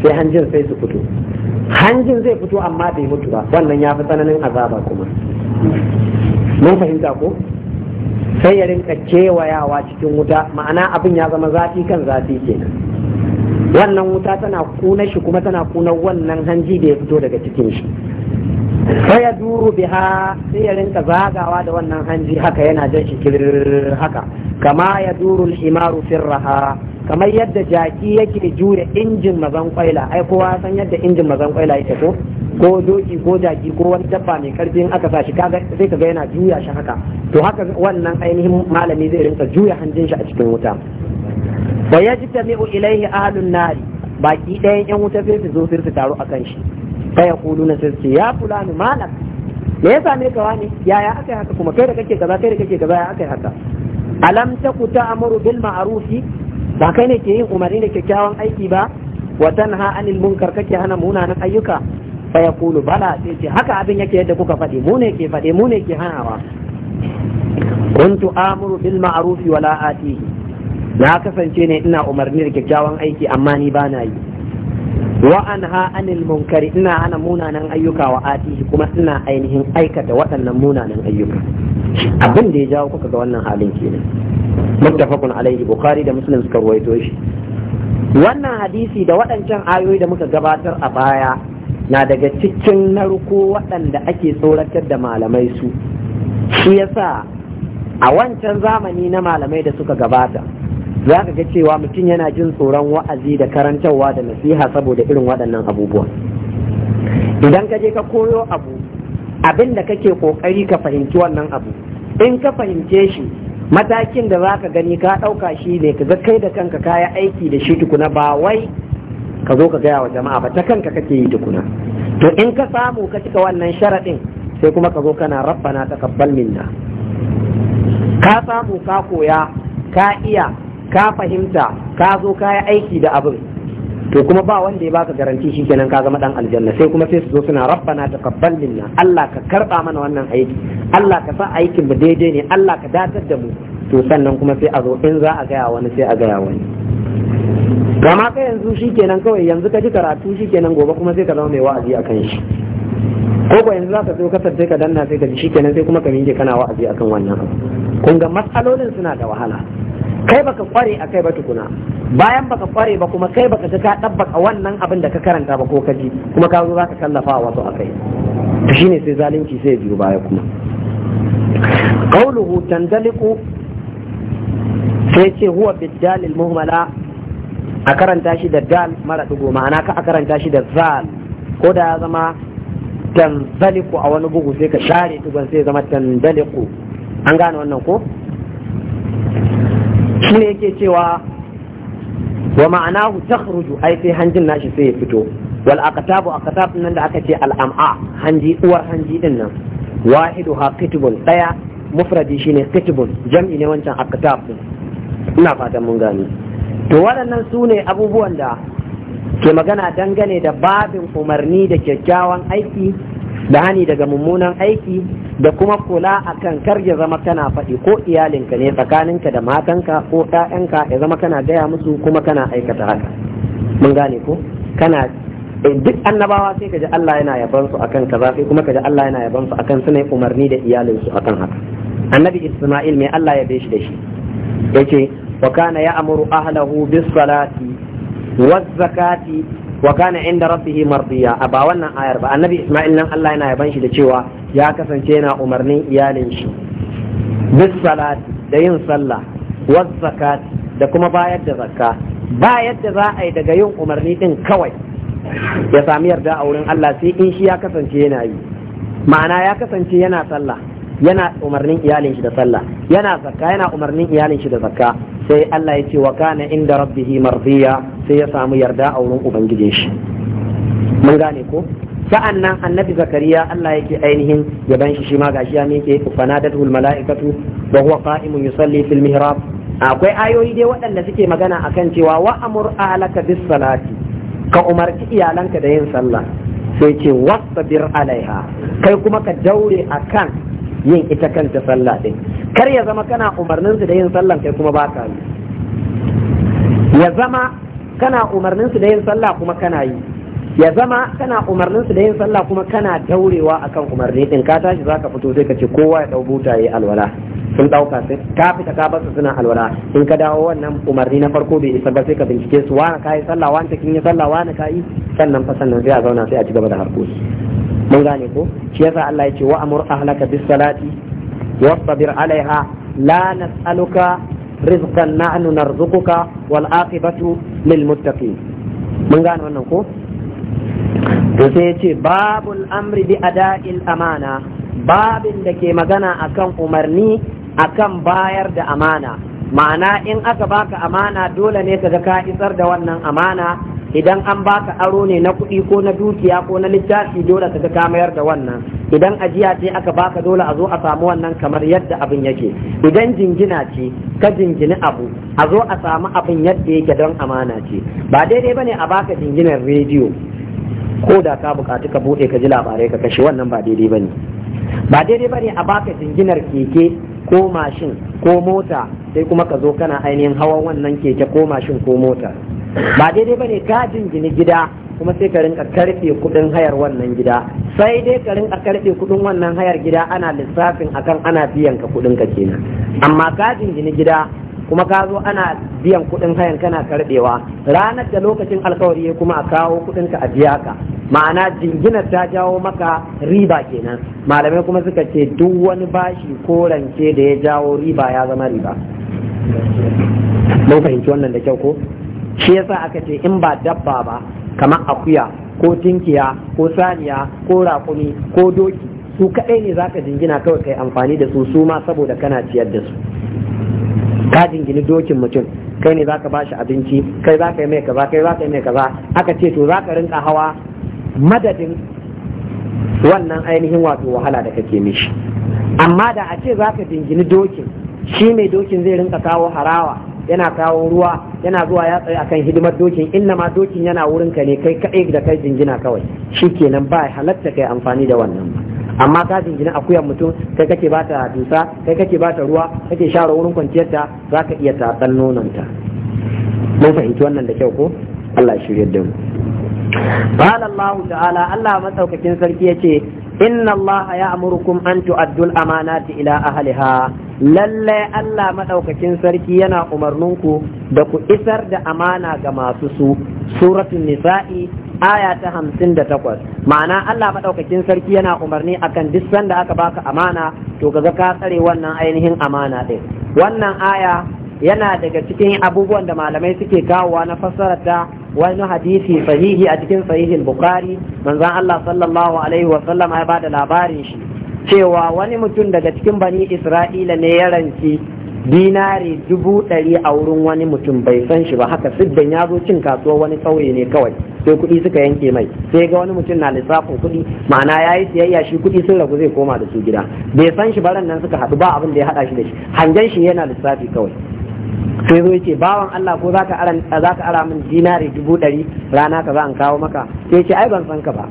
sai hanjin sai su fito hanjin zai fito amma bai mutu ba wannan ya fi tsananin azaba kuma mun fahimta ko sai ya rinka kewayawa cikin wuta ma'ana abin ya zama zafi kan zafi kenan wannan wuta tana kuna shi kuma tana kuna wannan hanji da ya fito daga cikin shi sai ya duru biha sai ya rinka zagawa da wannan hanji haka yana jan shi haka kama ya duru himaru firraha kamar yadda jaki yake jure injin mazan kwaila ai kowa san yadda injin mazan kwaila yake ko ko doki ko jaki ko wani dabba mai karfi in aka sashi kaga sai kaga yana juya shi haka to haka wannan ainihin malami zai rinka juya hanjin shi a cikin wuta wa yajtami'u ilayhi ahlun nari baki ɗayan yan wuta sai su zo sai su taru akan shi kai ya kulu na sai ya fulani malak me yasa ne ka wani yaya aka yi haka kuma kai da kake kaza kai da kake kaza ya aka yi haka alam ta ta'muru bil ma'rufi ba kai ne ke yin umarni da kyakkyawan aiki ba wa tanha anil munkar kake hana munanan ayyuka fa yaqulu bala sai ce haka abin yake yadda kuka faɗi mu ne ke faɗi mu ne ke hanawa kuntu amuru bil ma'ruf wala atihi na kasance ne ina umarni da kyakkyawan aiki amma ni ba na yi wa anha anil munkari ina hana munanan ayyuka wa atihi kuma ina ainihin aikata waɗannan munanan ayyuka abin da ya jawo kuka ga wannan halin kenan muttafaqun alaihi bukhari da muslim suka ruwaito shi wannan hadisi da waɗancan ayoyi da muka gabatar a baya na daga cikin narko waɗanda ake tsoratar da malamai su shi yasa a wancan zamani na malamai da suka gabata za ka ga cewa mutum yana jin tsoron wa'azi da karantarwa da nasiha saboda irin waɗannan abubuwan idan ka je ka koyo abu abin kake kokari ka fahimci wannan abu in ka fahimce shi matakin da za ka gani ka ɗauka shi ne ka ga kai da kanka kaya aiki da shi tukuna ba wai ka zo ka gaya wa jama'a ba ta kanka kake yi tukuna to in ka samu ka cika wannan sharaɗin sai kuma ka zo kana rabbana taqabbal minna ka samu ka koya ka iya ka fahimta ka zo ka aiki da abin to kuma ba wanda ya baka garanti shikenan ka zama dan aljanna sai kuma sai su zo suna rabbana taqabbal minna Allah ka karba mana wannan aiki Allah ka sa aikin mu daidai ne Allah ka datar da mu to sannan kuma sai a zo in za a gaya wani sai a gaya wani kama kai yanzu shikenan kawai yanzu ka ji karatu shikenan gobe kuma sai ka zama mai wa'azi akan shi ko ba yanzu za ka zo kasar sai ka danna sai ka ji shikenan sai kuma ka minge kana wa'azi akan wannan abu kun ga matsalolin suna da wahala kai baka kware a kai ba tukuna bayan baka kware ba kuma kai baka ka ka dabbaka wannan abin da ka karanta ba ko ka ji kuma ka zo zaka kallafa wasu akai shine sai zalunci sai biyo baya kuma qauluhu Tandaliku sai ce huwa biddalil muhmala a karanta shi da dal mara dugo ma'ana ka a karanta shi da zal ko da ya zama tanzaliku a wani bugu sai ka share dugon sai zama Tandaliku an gane wannan ko shi ne yake cewa wa ma'anahu takhruju ai sai hanjin nashi sai ya fito wal aqtabu aqtab nan da aka ce al am'a hanji uwar hanji din nan wahidu ha kitbun daya mufradi shine kitbun jam'i ne wancan aqtab ina fatan mun gani to waɗannan su ne abubuwan da ke magana dangane da babin umarni da kyakkyawan aiki da hani daga mummunan aiki da kuma kula akan kar ya zama kana faɗi ko iyalinka ne tsakaninka da matanka ko ɗayanka ya zama kana gaya musu kuma kana aikata haka mun gane ko kana eh, duk annabawa sai kaji Allah yana yaban su akan kaza sai kuma kaji Allah yana yaban su akan suna umarni da iyalinsu su akan haka annabi Isma'il mai Allah ya shi da shi yace wa kana ya'muru ahlahu bis salati waz zakati wa kana inda rabbihi mardiya aba wannan ayar ba annabi isma'il nan Allah yana yaban shi da cewa ya kasance yana umarnin iyalin shi bis salat da yin sallah wa zakat da kuma bayar da zakka ba yadda za a yi daga yin umarni din kawai ya sami yarda a wurin Allah sai in shi ya kasance yana yi ma'ana ya kasance yana sallah yana umarnin iyalin shi da sallah yana zakka yana umarnin iyalin shi da zakka sai Allah ya ce wa kana inda rabbihi marziya sai ya samu yarda a wurin ubangijin shi mun gane ko sa'an nan annabi zakariya Allah yake ainihin ya ban shi shi ma gashi ya miƙe fanadatul mala'ikatu wa huwa qa'imun yusalli fil mihrab akwai ayoyi dai waɗanda suke magana akan cewa wa amur ahlaka bis salati ka umarci iyalanka da yin sallah sai ce wasbir alaiha kai kuma ka daure akan yin ita kanta sallah din kar ya zama kana umarnin su da yin sallah kai kuma baka yi ya zama kana umarnin su da yin sallah kuma kana yi ya zama kana umarnin su da yin sallah kuma kana daurewa akan umarni din ka tashi zaka fito sai ka ce kowa ya dau buta yayi alwala sun dauka sai ka fita ka basu suna alwala in ka dawo wannan umarni na farko bai isa ba sai ka bincike su wani kayi sallah wani kin yi sallah wani kai sannan fa sannan sai a zauna sai a ci gaba da harkoki mun gane ko shi yasa Allah ya ce wa amur ahlaka bis salati wasbir alaiha la nas'aluka rizqan na'nu narzuquka wal aqibatu lil muttaqin mun gane wannan ko to sai yace babul amri bi ada'il amana babin da ke magana akan umarni akan bayar da amana ma'ana in aka baka amana dole ne ka ga ka isar da wannan amana idan an baka aro ne na kuɗi ko na dukiya ko na littafi dole ka ka mayar da wannan idan ajiya ce aka baka dole a zo a samu wannan kamar yadda abin yake idan jingina ce ka jingini abu a zo a samu abin yadda yake don amana ce ba daidai bane a baka jinginar rediyo ko da ka bukaci ka bude ka ji labarai ka kashe wannan ba daidai bane ba daidai bane a baka jinginar keke ko mashin ko mota sai kuma ka zo kana ainihin hawan wannan keke ko mashin ko mota ba daidai ba ne ka jingine gida kuma sai ka rinka karfe kudin hayar wannan gida sai dai ka rinka karfe kudin wannan hayar gida ana lissafin akan ana biyan ka kudin ka kenan amma ka jingine gida kuma ka zo ana biyan kudin hayan kana karbewa ranar da lokacin alkawari ya kuma a kawo kudin ka a biya ka ma'ana jinginar ta jawo maka riba kenan malamai kuma suka ce duk wani bashi ko rance da ya jawo riba ya zama riba mun fahimci wannan da kyau ko shi yasa aka ce in ba dabba ba kamar akuya ko tinkiya ko saniya ko raƙumi ko doki su kaɗai ne za ka jingina kawai kai amfani da su su ma saboda kana ciyar da su ka jingini dokin mutum kai ne za ka ba shi abinci kai za ka yi mai kaza kai za ka yi mai kaza aka ce to za ka rinka hawa madadin wannan ainihin wato wahala da kake mishi amma da a ce za ka jingini dokin shi mai dokin zai rinka kawo harawa yana kawo ruwa yana zuwa ya tsaye akan hidimar dokin inna ma dokin yana wurin ka ne kai kaɗai da kai jingina kawai Shi shikenan ba halatta kai amfani da wannan amma ka jingina akuyan mutum kai kake ba ta dusa kai kake ba ta ruwa kake share wurin ta za ka iya tatsan ta. mun fahimci wannan da kyau ko Allah ya shirye da mu allah Allah تعالى الله sarki ya ce. inna Allah ya amurkum an tu'addul amanati ila ahliha lalle Allah madaukakin sarki yana umarninku da ku isar da amana ga masu su suratul nisa'i aya ta hamsin da takwas ma'ana Allah madaukakin sarki yana umarni akan duk sanda aka baka amana to kaga ka tsare wannan ainihin amana din wannan aya yana daga cikin abubuwan da malamai suke kawowa na fassara ta wani hadisi sahihi a cikin sahihin bukari manzon Allah sallallahu alaihi wa sallam ya bada labarin shi cewa wani mutum daga cikin bani Isra'ila ne ya ranci dinari dubu ɗari a wurin wani mutum bai san shi ba haka siddan ya zo cin kasuwa wani ƙauye ne kawai sai kuɗi suka yanke mai sai ga wani mutum na lissafin kuɗi ma'ana ya yi siyayya shi kuɗi sun ragu zai koma da su gida bai san shi ba nan suka haɗu ba abin da ya haɗa shi da shi hangen shi yana lissafi kawai sai zo yace bawan Allah ko zaka ara zaka ara min dinari dubu ɗari rana ka za an kawo maka sai yace ai ban san ka ba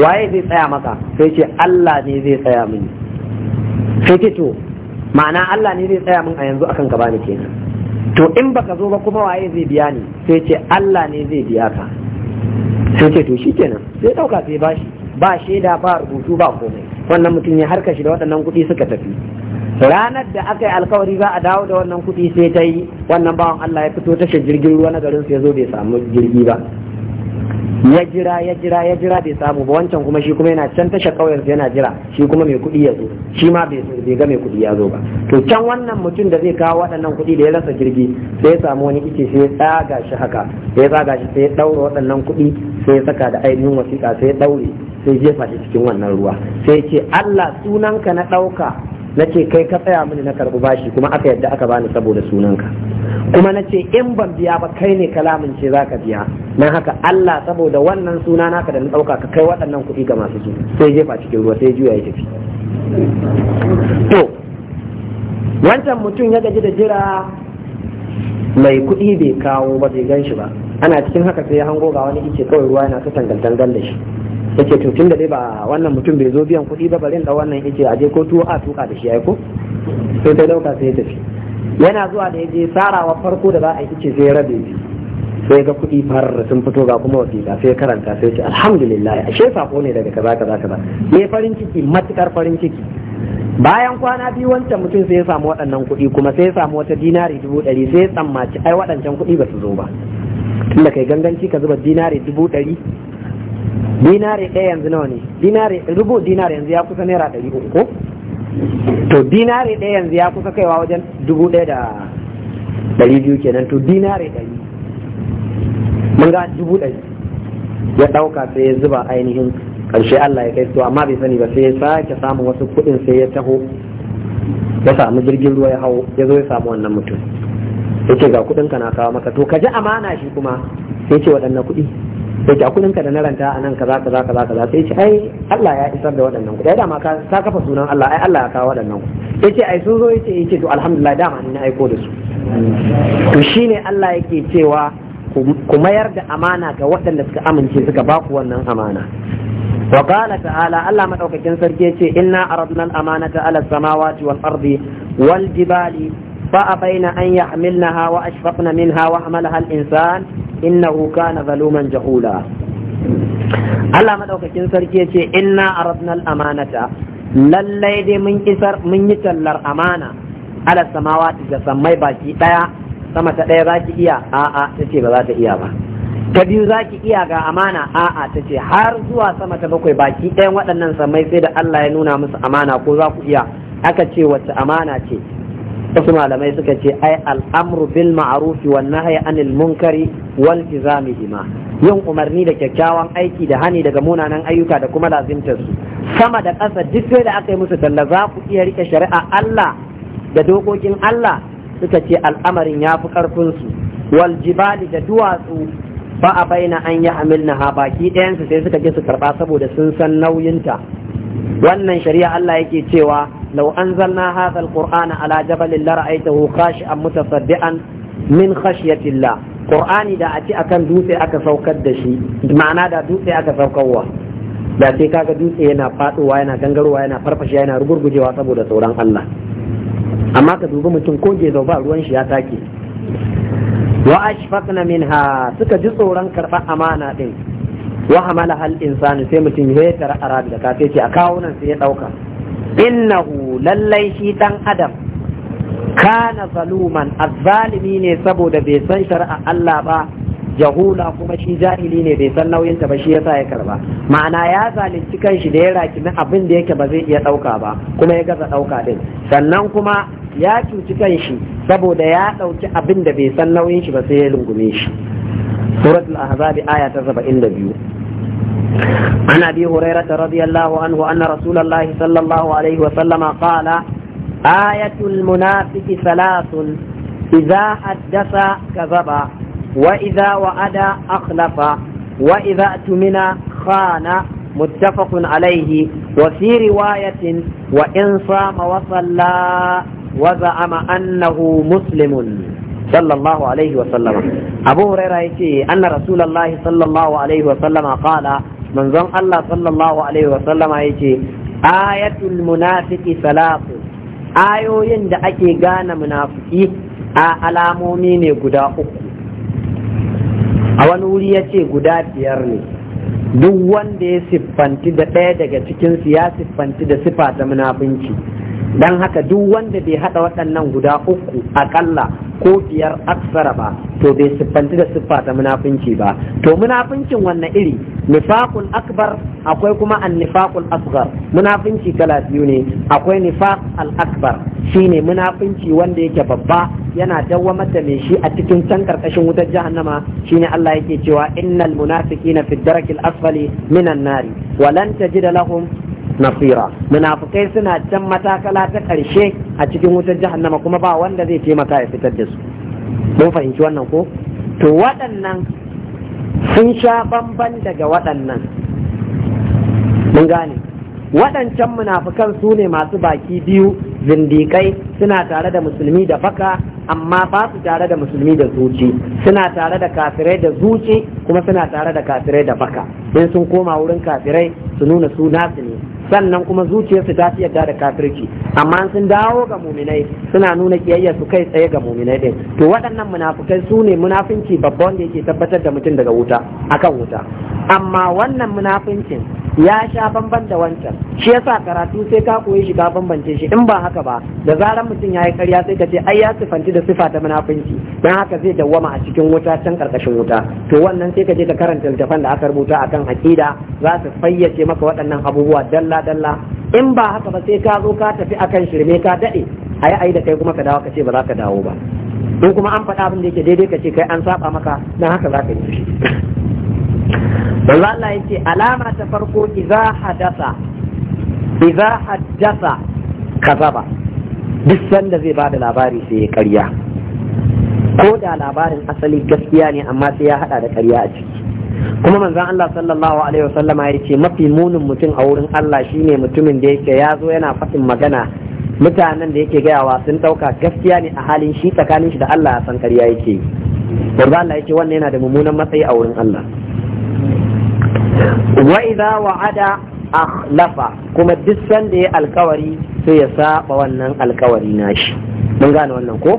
waye zai tsaya maka sai yace Allah ne zai tsaya mini sai ce to ma'ana Allah ne zai tsaya min a yanzu akan ka bani kenan to in baka zo ba kuma waye zai biya ni sai ce Allah ne zai biya ka sai ce to shikenan sai dauka sai bashi ba shaida ba rubutu ba komai wannan mutum ya harka shi da waɗannan kuɗi suka tafi ranar da aka yi alkawari za a dawo da wannan kuɗi sai ta yi wannan bawan Allah ya fito tashar jirgin ruwa na garin sai zo bai samu jirgi ba ya jira ya jira ya jira bai samu ba wancan kuma shi kuma yana can tashar kauyen yana jira shi kuma mai kuɗi ya zo shi ma bai ga mai kuɗi ya zo ba to can wannan mutum da zai kawo waɗannan kuɗi da ya rasa jirgi sai ya samu wani ice sai ya tsaga shi haka sai ya tsaga shi sai ya ɗaura waɗannan kuɗi sai ya saka da ainihin wasiƙa sai ya ɗaure sai jefa shi cikin wannan ruwa sai ce Allah sunanka na ɗauka na ce kai ka tsaya mini na karɓi bashi kuma aka yadda aka bani saboda sunanka kuma na ce in ban biya ba kai ne kalamin ce za ka biya na haka Allah saboda wannan suna naka da na ɗauka ka kai waɗannan kuɗi ga masu su sai jefa cikin ruwa sai juya ya tafi to wancan mutum ya gaji da jira mai kuɗi bai kawo ba bai gan shi ba ana cikin haka sai ya hango ga wani ice kawai ruwa yana ta tangal da shi yake to tun da dai ba wannan mutum bai zo biyan kuɗi ba bari da wannan yake aje ko tuwo a tuka da shi ai ko sai ta dauka sai ya tafi yana zuwa da yaje sarawa farko da za a yi ce sai rabe shi sai ga kuɗi farar sun fito ga kuma wakila sai karanta sai ce alhamdulillah ashe sako ne daga kaza kaza kaza me farin ciki matukar farin ciki bayan kwana biyu wancan mutum sai ya samu waɗannan kuɗi kuma sai ya samu wata dinari dubu ɗari sai ya tsammaci ai waɗancan kuɗi ba su zo ba tunda kai ganganci ka zuba dinari dubu ɗari dinari ɗaya yanzu nawa ne dinari rubu dinari yanzu ya kusa naira ɗari uku ko to dinari ɗaya yanzu ya kusa kaiwa wajen dubu ɗaya da ɗari biyu kenan to dinari ɗari mun ga dubu ɗari ya ɗauka sai ya zuba ainihin ƙarshe Allah ya kai su amma bai sani ba sai ya sake samun wasu kuɗin sai ya taho ya samu jirgin ruwa ya hau ya zo ya samu wannan mutum ya ce ga kuɗinka na kawo maka to ka ji amana shi kuma sai ce waɗannan kuɗi sai ki ka da naranta a nan kaza kaza kaza kaza sai ce ai Allah ya isar da waɗannan ku dama ka ta kafa sunan Allah ai Allah ya kawo waɗannan ku sai ce ai sun zo yace yace to alhamdulillah dama ni na aiko da su to shine Allah yake cewa ku mayar da amana ga waɗanda suka amince suka ba ku wannan amana wa qala ta'ala Allah madaukakin sarki yace inna aradna al-amanata ala samawati wal ardi wal jibali fa abaina an yahmilnaha wa ashfaqna minha wa hamalaha al-insan innahu kana zaluman jahula Allah madaukakin sarki yace inna aradna amanata lallai dai mun isar mun yi tallar amana ala samawati da sammai baki daya sama ta daya zaki iya a'a tace ba za ta iya ba ta biyu za iya ga amana a'a ta ce har zuwa sama ta bakwai baki ɗayan waɗannan samai sai da Allah ya nuna musu amana ko za ku iya aka ce wacce amana ce wasu malamai suka ce ai al'amru bil ma'arufi wan nahyi anil munkari wal tizamihima yin umarni da kyakkyawan aiki da hani daga munanan ayyuka da kuma lazimtar su sama da ƙasa duk sai da aka yi musu talla za ku iya rike shari'a Allah da dokokin Allah suka ce al'amarin ya fi ƙarfin su wal jibali da duwatsu ba a baina an yi hamilna na baki ɗayansu sai suka je su karɓa saboda sun san nauyinta wannan shari'a Allah yake cewa لو أنزلنا هذا القرآن على جبل لرأيته خاشعا متصدعا من خشية الله قرآن دا أتي أكن دوسي أكا سوكت دشي معنى دا دوسي أكا سوكوا da sai kaga dutse yana faduwa yana gangarowa yana farfashe yana rugurgujewa saboda tsoron Allah amma ka dubi mutum ko ke zauba ruwan shi ya take wa ashfaqna minha suka ji tsoron karɓar amana din wa hamala insani sai mutum ya tara arabi da kace a kawo nan sai ya dauka innahu lallai shi dan adam kana zaluman azzalimi ne saboda bai san shari'a Allah ba jahula kuma shi jahili ne bai san nauyin ta ba shi yasa ya karba ma'ana ya zalunci kanshi da ya raki na abin da yake ba zai iya ɗauka ba kuma ya gaza ɗauka din sannan kuma ya cuci kanshi saboda ya ɗauki abin da bai san nauyin shi ba sai ya lungume shi suratul ahzab aya ta 72 عن أبي هريرة رضي الله عنه أن رسول الله صلى الله عليه وسلم قال آية المنافق ثلاث إذا حدث كذب وإذا وعد أخلف وإذا اؤتمن خان متفق عليه وفي رواية وإن صام وصلى وزعم أنه مسلم صلى الله عليه وسلم أبو هريرة يقول أن رسول الله صلى الله عليه وسلم قال manzon Allah sallallahu alaihi wa sallama yace ayatul munafiqi salatu ayoyin da ake gane munafiki a alamomi ne guda uku a wani wuri yace guda biyar ne duk wanda ya siffanti da ɗaya daga cikinsu ya siffanti da sifa ta munafunci dan haka duk wanda bai hada waɗannan guda uku akalla ko biyar aksara ba to bai siffanci da siffa ta munafunci ba to munafincin wannan iri nifaqul akbar akwai kuma an nifaqul asghar munafunci kala biyu ne akwai nifaq al akbar shine munafunci wanda yake babba yana dawwamar da mai shi a cikin can karkashin wutar jahannama shine Allah yake cewa innal munafiqina fi darakil asfali minan nari walan tajida lahum nasira munafukai suna can matakala ta ƙarshe a cikin wutar jahannama kuma ba wanda zai taimaka ya fitar da su mun fahimci wannan ko to waɗannan sun sha bamban daga waɗannan mun gane waɗancan munafukan su ne masu baki biyu zindikai suna tare da musulmi da baka amma ba su tare da musulmi da zuci suna tare da kafirai da zuci kuma suna tare da kafirai da baka in sun koma wurin kafirai su nuna su nasu ne sannan kuma zuciyarsu ta fi yadda da kafirci amma sun dawo ga muminai suna nuna kiyayya su kai tsaye ga muminai din to waɗannan munafukai su ne munafinci babba wanda yake tabbatar da mutum daga wuta akan wuta amma wannan munafincin ya sha bamban da wancan shi yasa karatu sai ka koyi shi ka bambance shi in ba haka ba da zaran mutum ya yi karya sai ka ce ai ya sifanci da sifa ta munafunci dan haka zai dawwama a cikin wuta can karkashin wuta to wannan sai ka je ka karanta littafan da aka rubuta akan aqida za su fayyace maka waɗannan abubuwa dalla dalla in ba haka ba sai ka zo ka tafi akan shirme ka dade ai ai da kai kuma ka dawo ka ce ba za ka dawo ba in kuma an faɗa abin da yake daidai ka ce kai an saba maka dan haka za ka yi manzo Allah yace alama ta farko idza hadasa idza haddasa kazaba duk sanda zai bada labari sai ya karya ko da labarin asali gaskiya ne amma sai ya hada da karya a ciki kuma manzon Allah sallallahu alaihi wasallam ya ce mafi munin mutum a wurin Allah shine mutumin da yake ya zo yana faɗin magana mutanen da yake gayawa sun ɗauka gaskiya ne a halin shi tsakanin shi da Allah ya san karya yake yi. Allah ya ce wannan yana da mummunan matsayi a wurin Allah wa idza wa'ada akhlafa kuma duk sanda ya alkawari sai ya saba wannan alkawari nashi mun gane wannan ko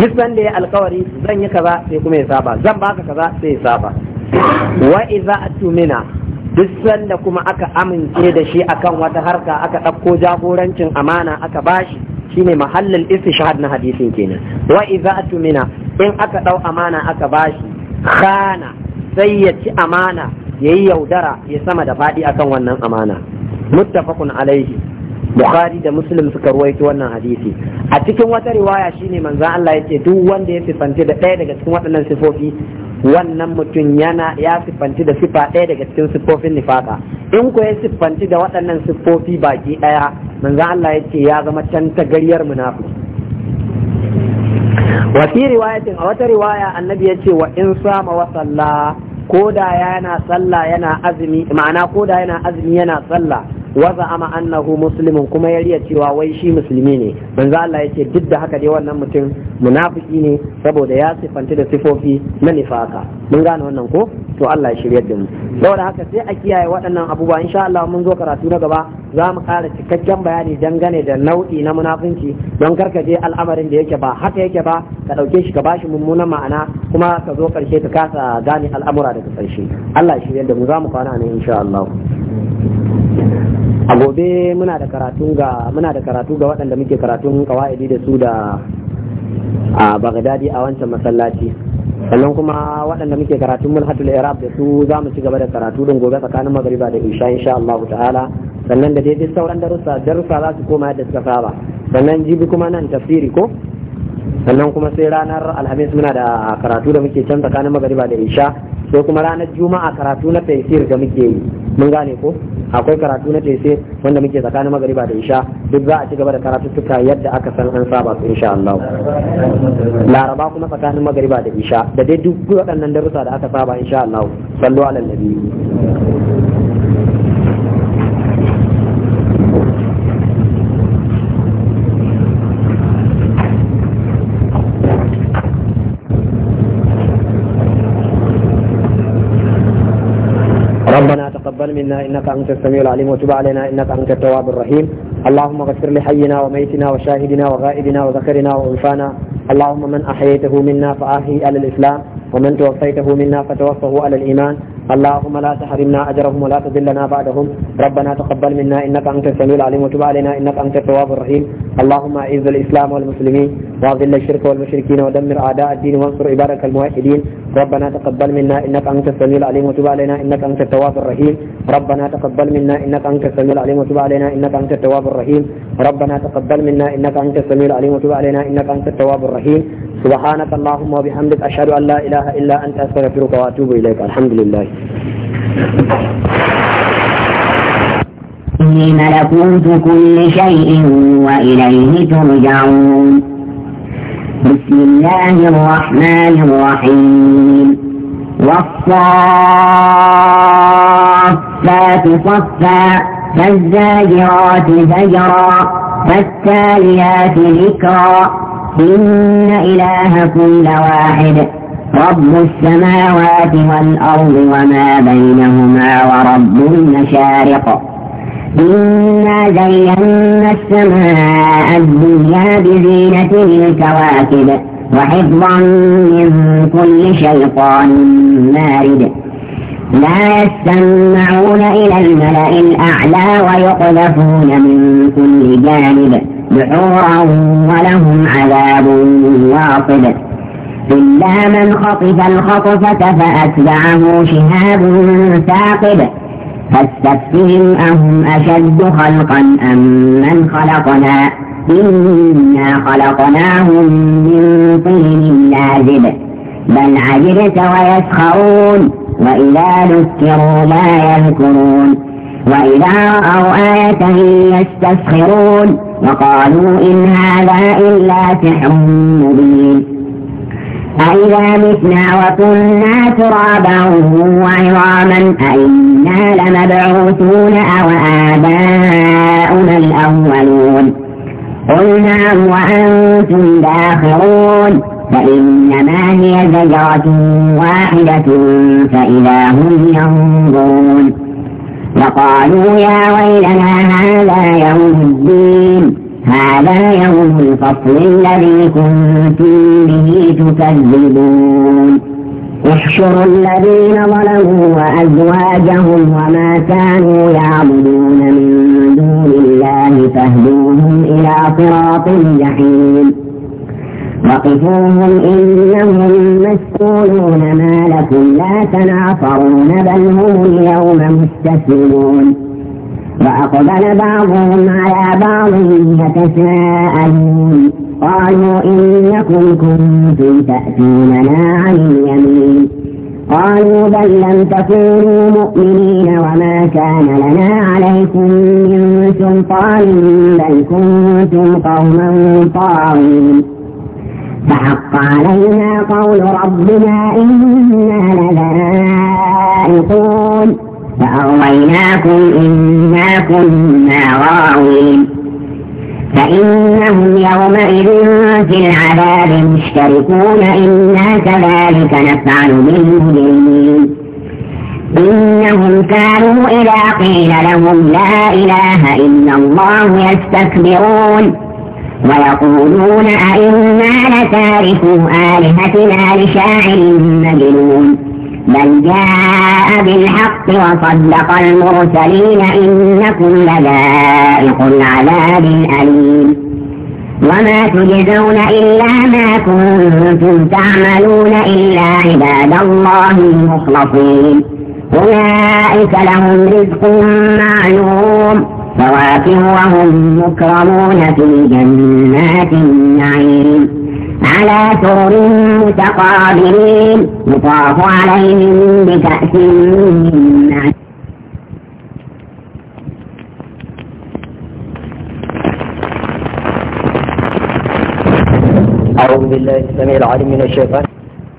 duk sanda ya alkawari zan yi kaza sai kuma ya saba zan baka kaza sai ya saba wa idza atumina duk sanda kuma aka amince da shi akan wata harka aka ɗauko jagorancin amana aka bashi shine mahallin istishhad na hadisin kenan wa idza atumina in aka ɗau amana aka bashi khana sai ya ci amana ya yi yaudara ya sama da faɗi akan wannan amana muttafaqun alaihi bukhari da muslim suka ruwaito wannan hadisi a cikin wata riwaya shine manzon Allah yake duk wanda ya sifanti da ɗaya daga cikin waɗannan sifofi wannan mutum yana ya siffanci da sifa ɗaya daga cikin siffofin nifaka in ko ya siffanci da waɗannan siffofi baki ɗaya manzon Allah yake ya zama can tagariyar munafiki wa fi riwayatin a wata riwaya annabi yace wa in sama wa sallah ko da yana sallah yana azumi ma'ana ko da yana azumi yana sallah waza ama annahu muslimun kuma ya riya cewa wai shi musulmi ne banza Allah ce duk da haka dai wannan mutum munafiki ne saboda ya sifanta da sifofi na nifaka mun gane wannan ko to Allah ya shirya da mu saboda haka sai a kiyaye waɗannan abubuwa insha Allah mun zo karatu na gaba za mu kara cikakken bayani dangane da nau'i na munafunci don karka je al'amarin da yake ba haka yake ba ka ɗauke shi ka bashi mummunan ma'ana kuma ka zo karshe ka kasa gane al'amura daga ƙarshe Allah ya shirya da mu za mu kwana ne insha Allah a gobe muna da karatu ga muna da karatu ga waɗanda muke karatun kawaidi da su da a bagdadi a wancan masallaci sannan kuma waɗanda muke karatun mulhatul irab da su za mu ci gaba da karatu don gobe tsakanin magariba da isha insha Allah ta'ala sannan da daidai sauran darussa darussa za su koma yadda suka saba sannan jibi kuma nan tafsiri ko sannan kuma sai ranar alhamis muna da karatu da muke can tsakanin magariba da isha sai kuma ranar juma'a karatu na tafsir da muke yi mun gane ko akwai karatu na tese wanda muke tsakanin magariba da isha duk za a ci gaba da karatu tuka yadda aka san an saba su insha Allah laraba kuma tsakanin magariba da isha da dai duk waɗannan darussa da aka saba insha Allah sallu ala nabi ربنا تقبل منا إنك أنت السميع العليم وتب علينا إنك أنت التواب الرحيم اللهم اغفر لحينا وميتنا وشاهدنا وغائبنا وذكرنا وأنفانا اللهم من أحييته منا فأحيي على الإسلام ومن توفيته منا فتوفه على الإيمان اللهم لا تحرمنا أجرهم ولا تذلنا بعدهم ربنا تقبل منا إنك أنت السميع العليم وتب علينا إنك أنت التواب الرحيم اللهم أعز الإسلام والمسلمين وأذل الشرك والمشركين ودمر أعداء الدين وانصر عبادك الموحدين ربنا تقبل منا إنك أنت السميع العليم وتب علينا إنك أنت التواب الرحيم ربنا تقبل منا إنك أنت السميع العليم وتب علينا إنك أنت التواب الرحيم ربنا تقبل منا إنك أنت السميع العليم وتب علينا إنك أنت التواب الرحيم سبحانك اللهم وبحمدك أشهد أن لا إله إله إلا أنت أستغفرك وأتوب إليك الحمد لله إني ملكوت كل شيء وإليه ترجعون بسم الله الرحمن الرحيم والصافات صفا فالزاجرات زجرا فالتاليات ذكرا إن إلهكم لواحد رب السماوات والأرض وما بينهما ورب المشارق إنا زينا السماء الدنيا بزينة الكواكب وحفظا من كل شيطان مارد لا يستمعون إلى الملأ الأعلى ويقذفون من كل جانب دحورا ولهم عذاب واصب إلا من خطف الخطفة فأتبعه شهاب ثاقب فاستفتهم أهم أشد خلقا أم من خلقنا إنا خلقناهم من طين لازب بل عجبت ويسخرون وإذا ذكروا لا يذكرون وإذا رأوا آية يستسخرون وقالوا إن هذا إلا سحر مبين أإذا متنا وكنا ترابا وعظاما أإنا لمبعوثون أو آباؤنا الأولون قل نعم وأنتم داخرون فإنما هي زجرة واحدة فإذا هم ينظرون وقالوا يا ويلنا هذا يوم الدين هذا يوم الفصل الذي كنتم به تكذبون احشروا الذين ظلموا وأزواجهم وما كانوا يعبدون من دون الله فاهدوهم إلى صراط الجحيم وقفوهم إنهم مسؤولون ما لكم لا تناصرون بل هم اليوم مستسلمون فأقبل بعضهم على بعض يتساءلون قالوا إنكم كنتم تأتوننا عن اليمين قالوا بل لم تكونوا مؤمنين وما كان لنا عليكم من سلطان بل كنتم قوما طاغين فحق علينا قول ربنا إنا لذائقون فأغويناكم إنا كنا غاوين فإنهم يومئذ في العذاب مشتركون إنا كذلك نفعل بالمجرمين إنهم كانوا إذا قيل لهم لا إله إلا الله يستكبرون ويقولون أئنا لتاركوا آلهتنا لشاعر مجنون بل جاء بالحق وصدق المرسلين إنكم لذائق العذاب الأليم وما تجزون إلا ما كنتم تعملون إلا عباد الله المخلصين أولئك لهم رزق معلوم فواكه وهم مكرمون في جنات النعيم على سرر متقابلين يطاف عليهم بكأس من أعوذ بالله السميع العليم من الشيطان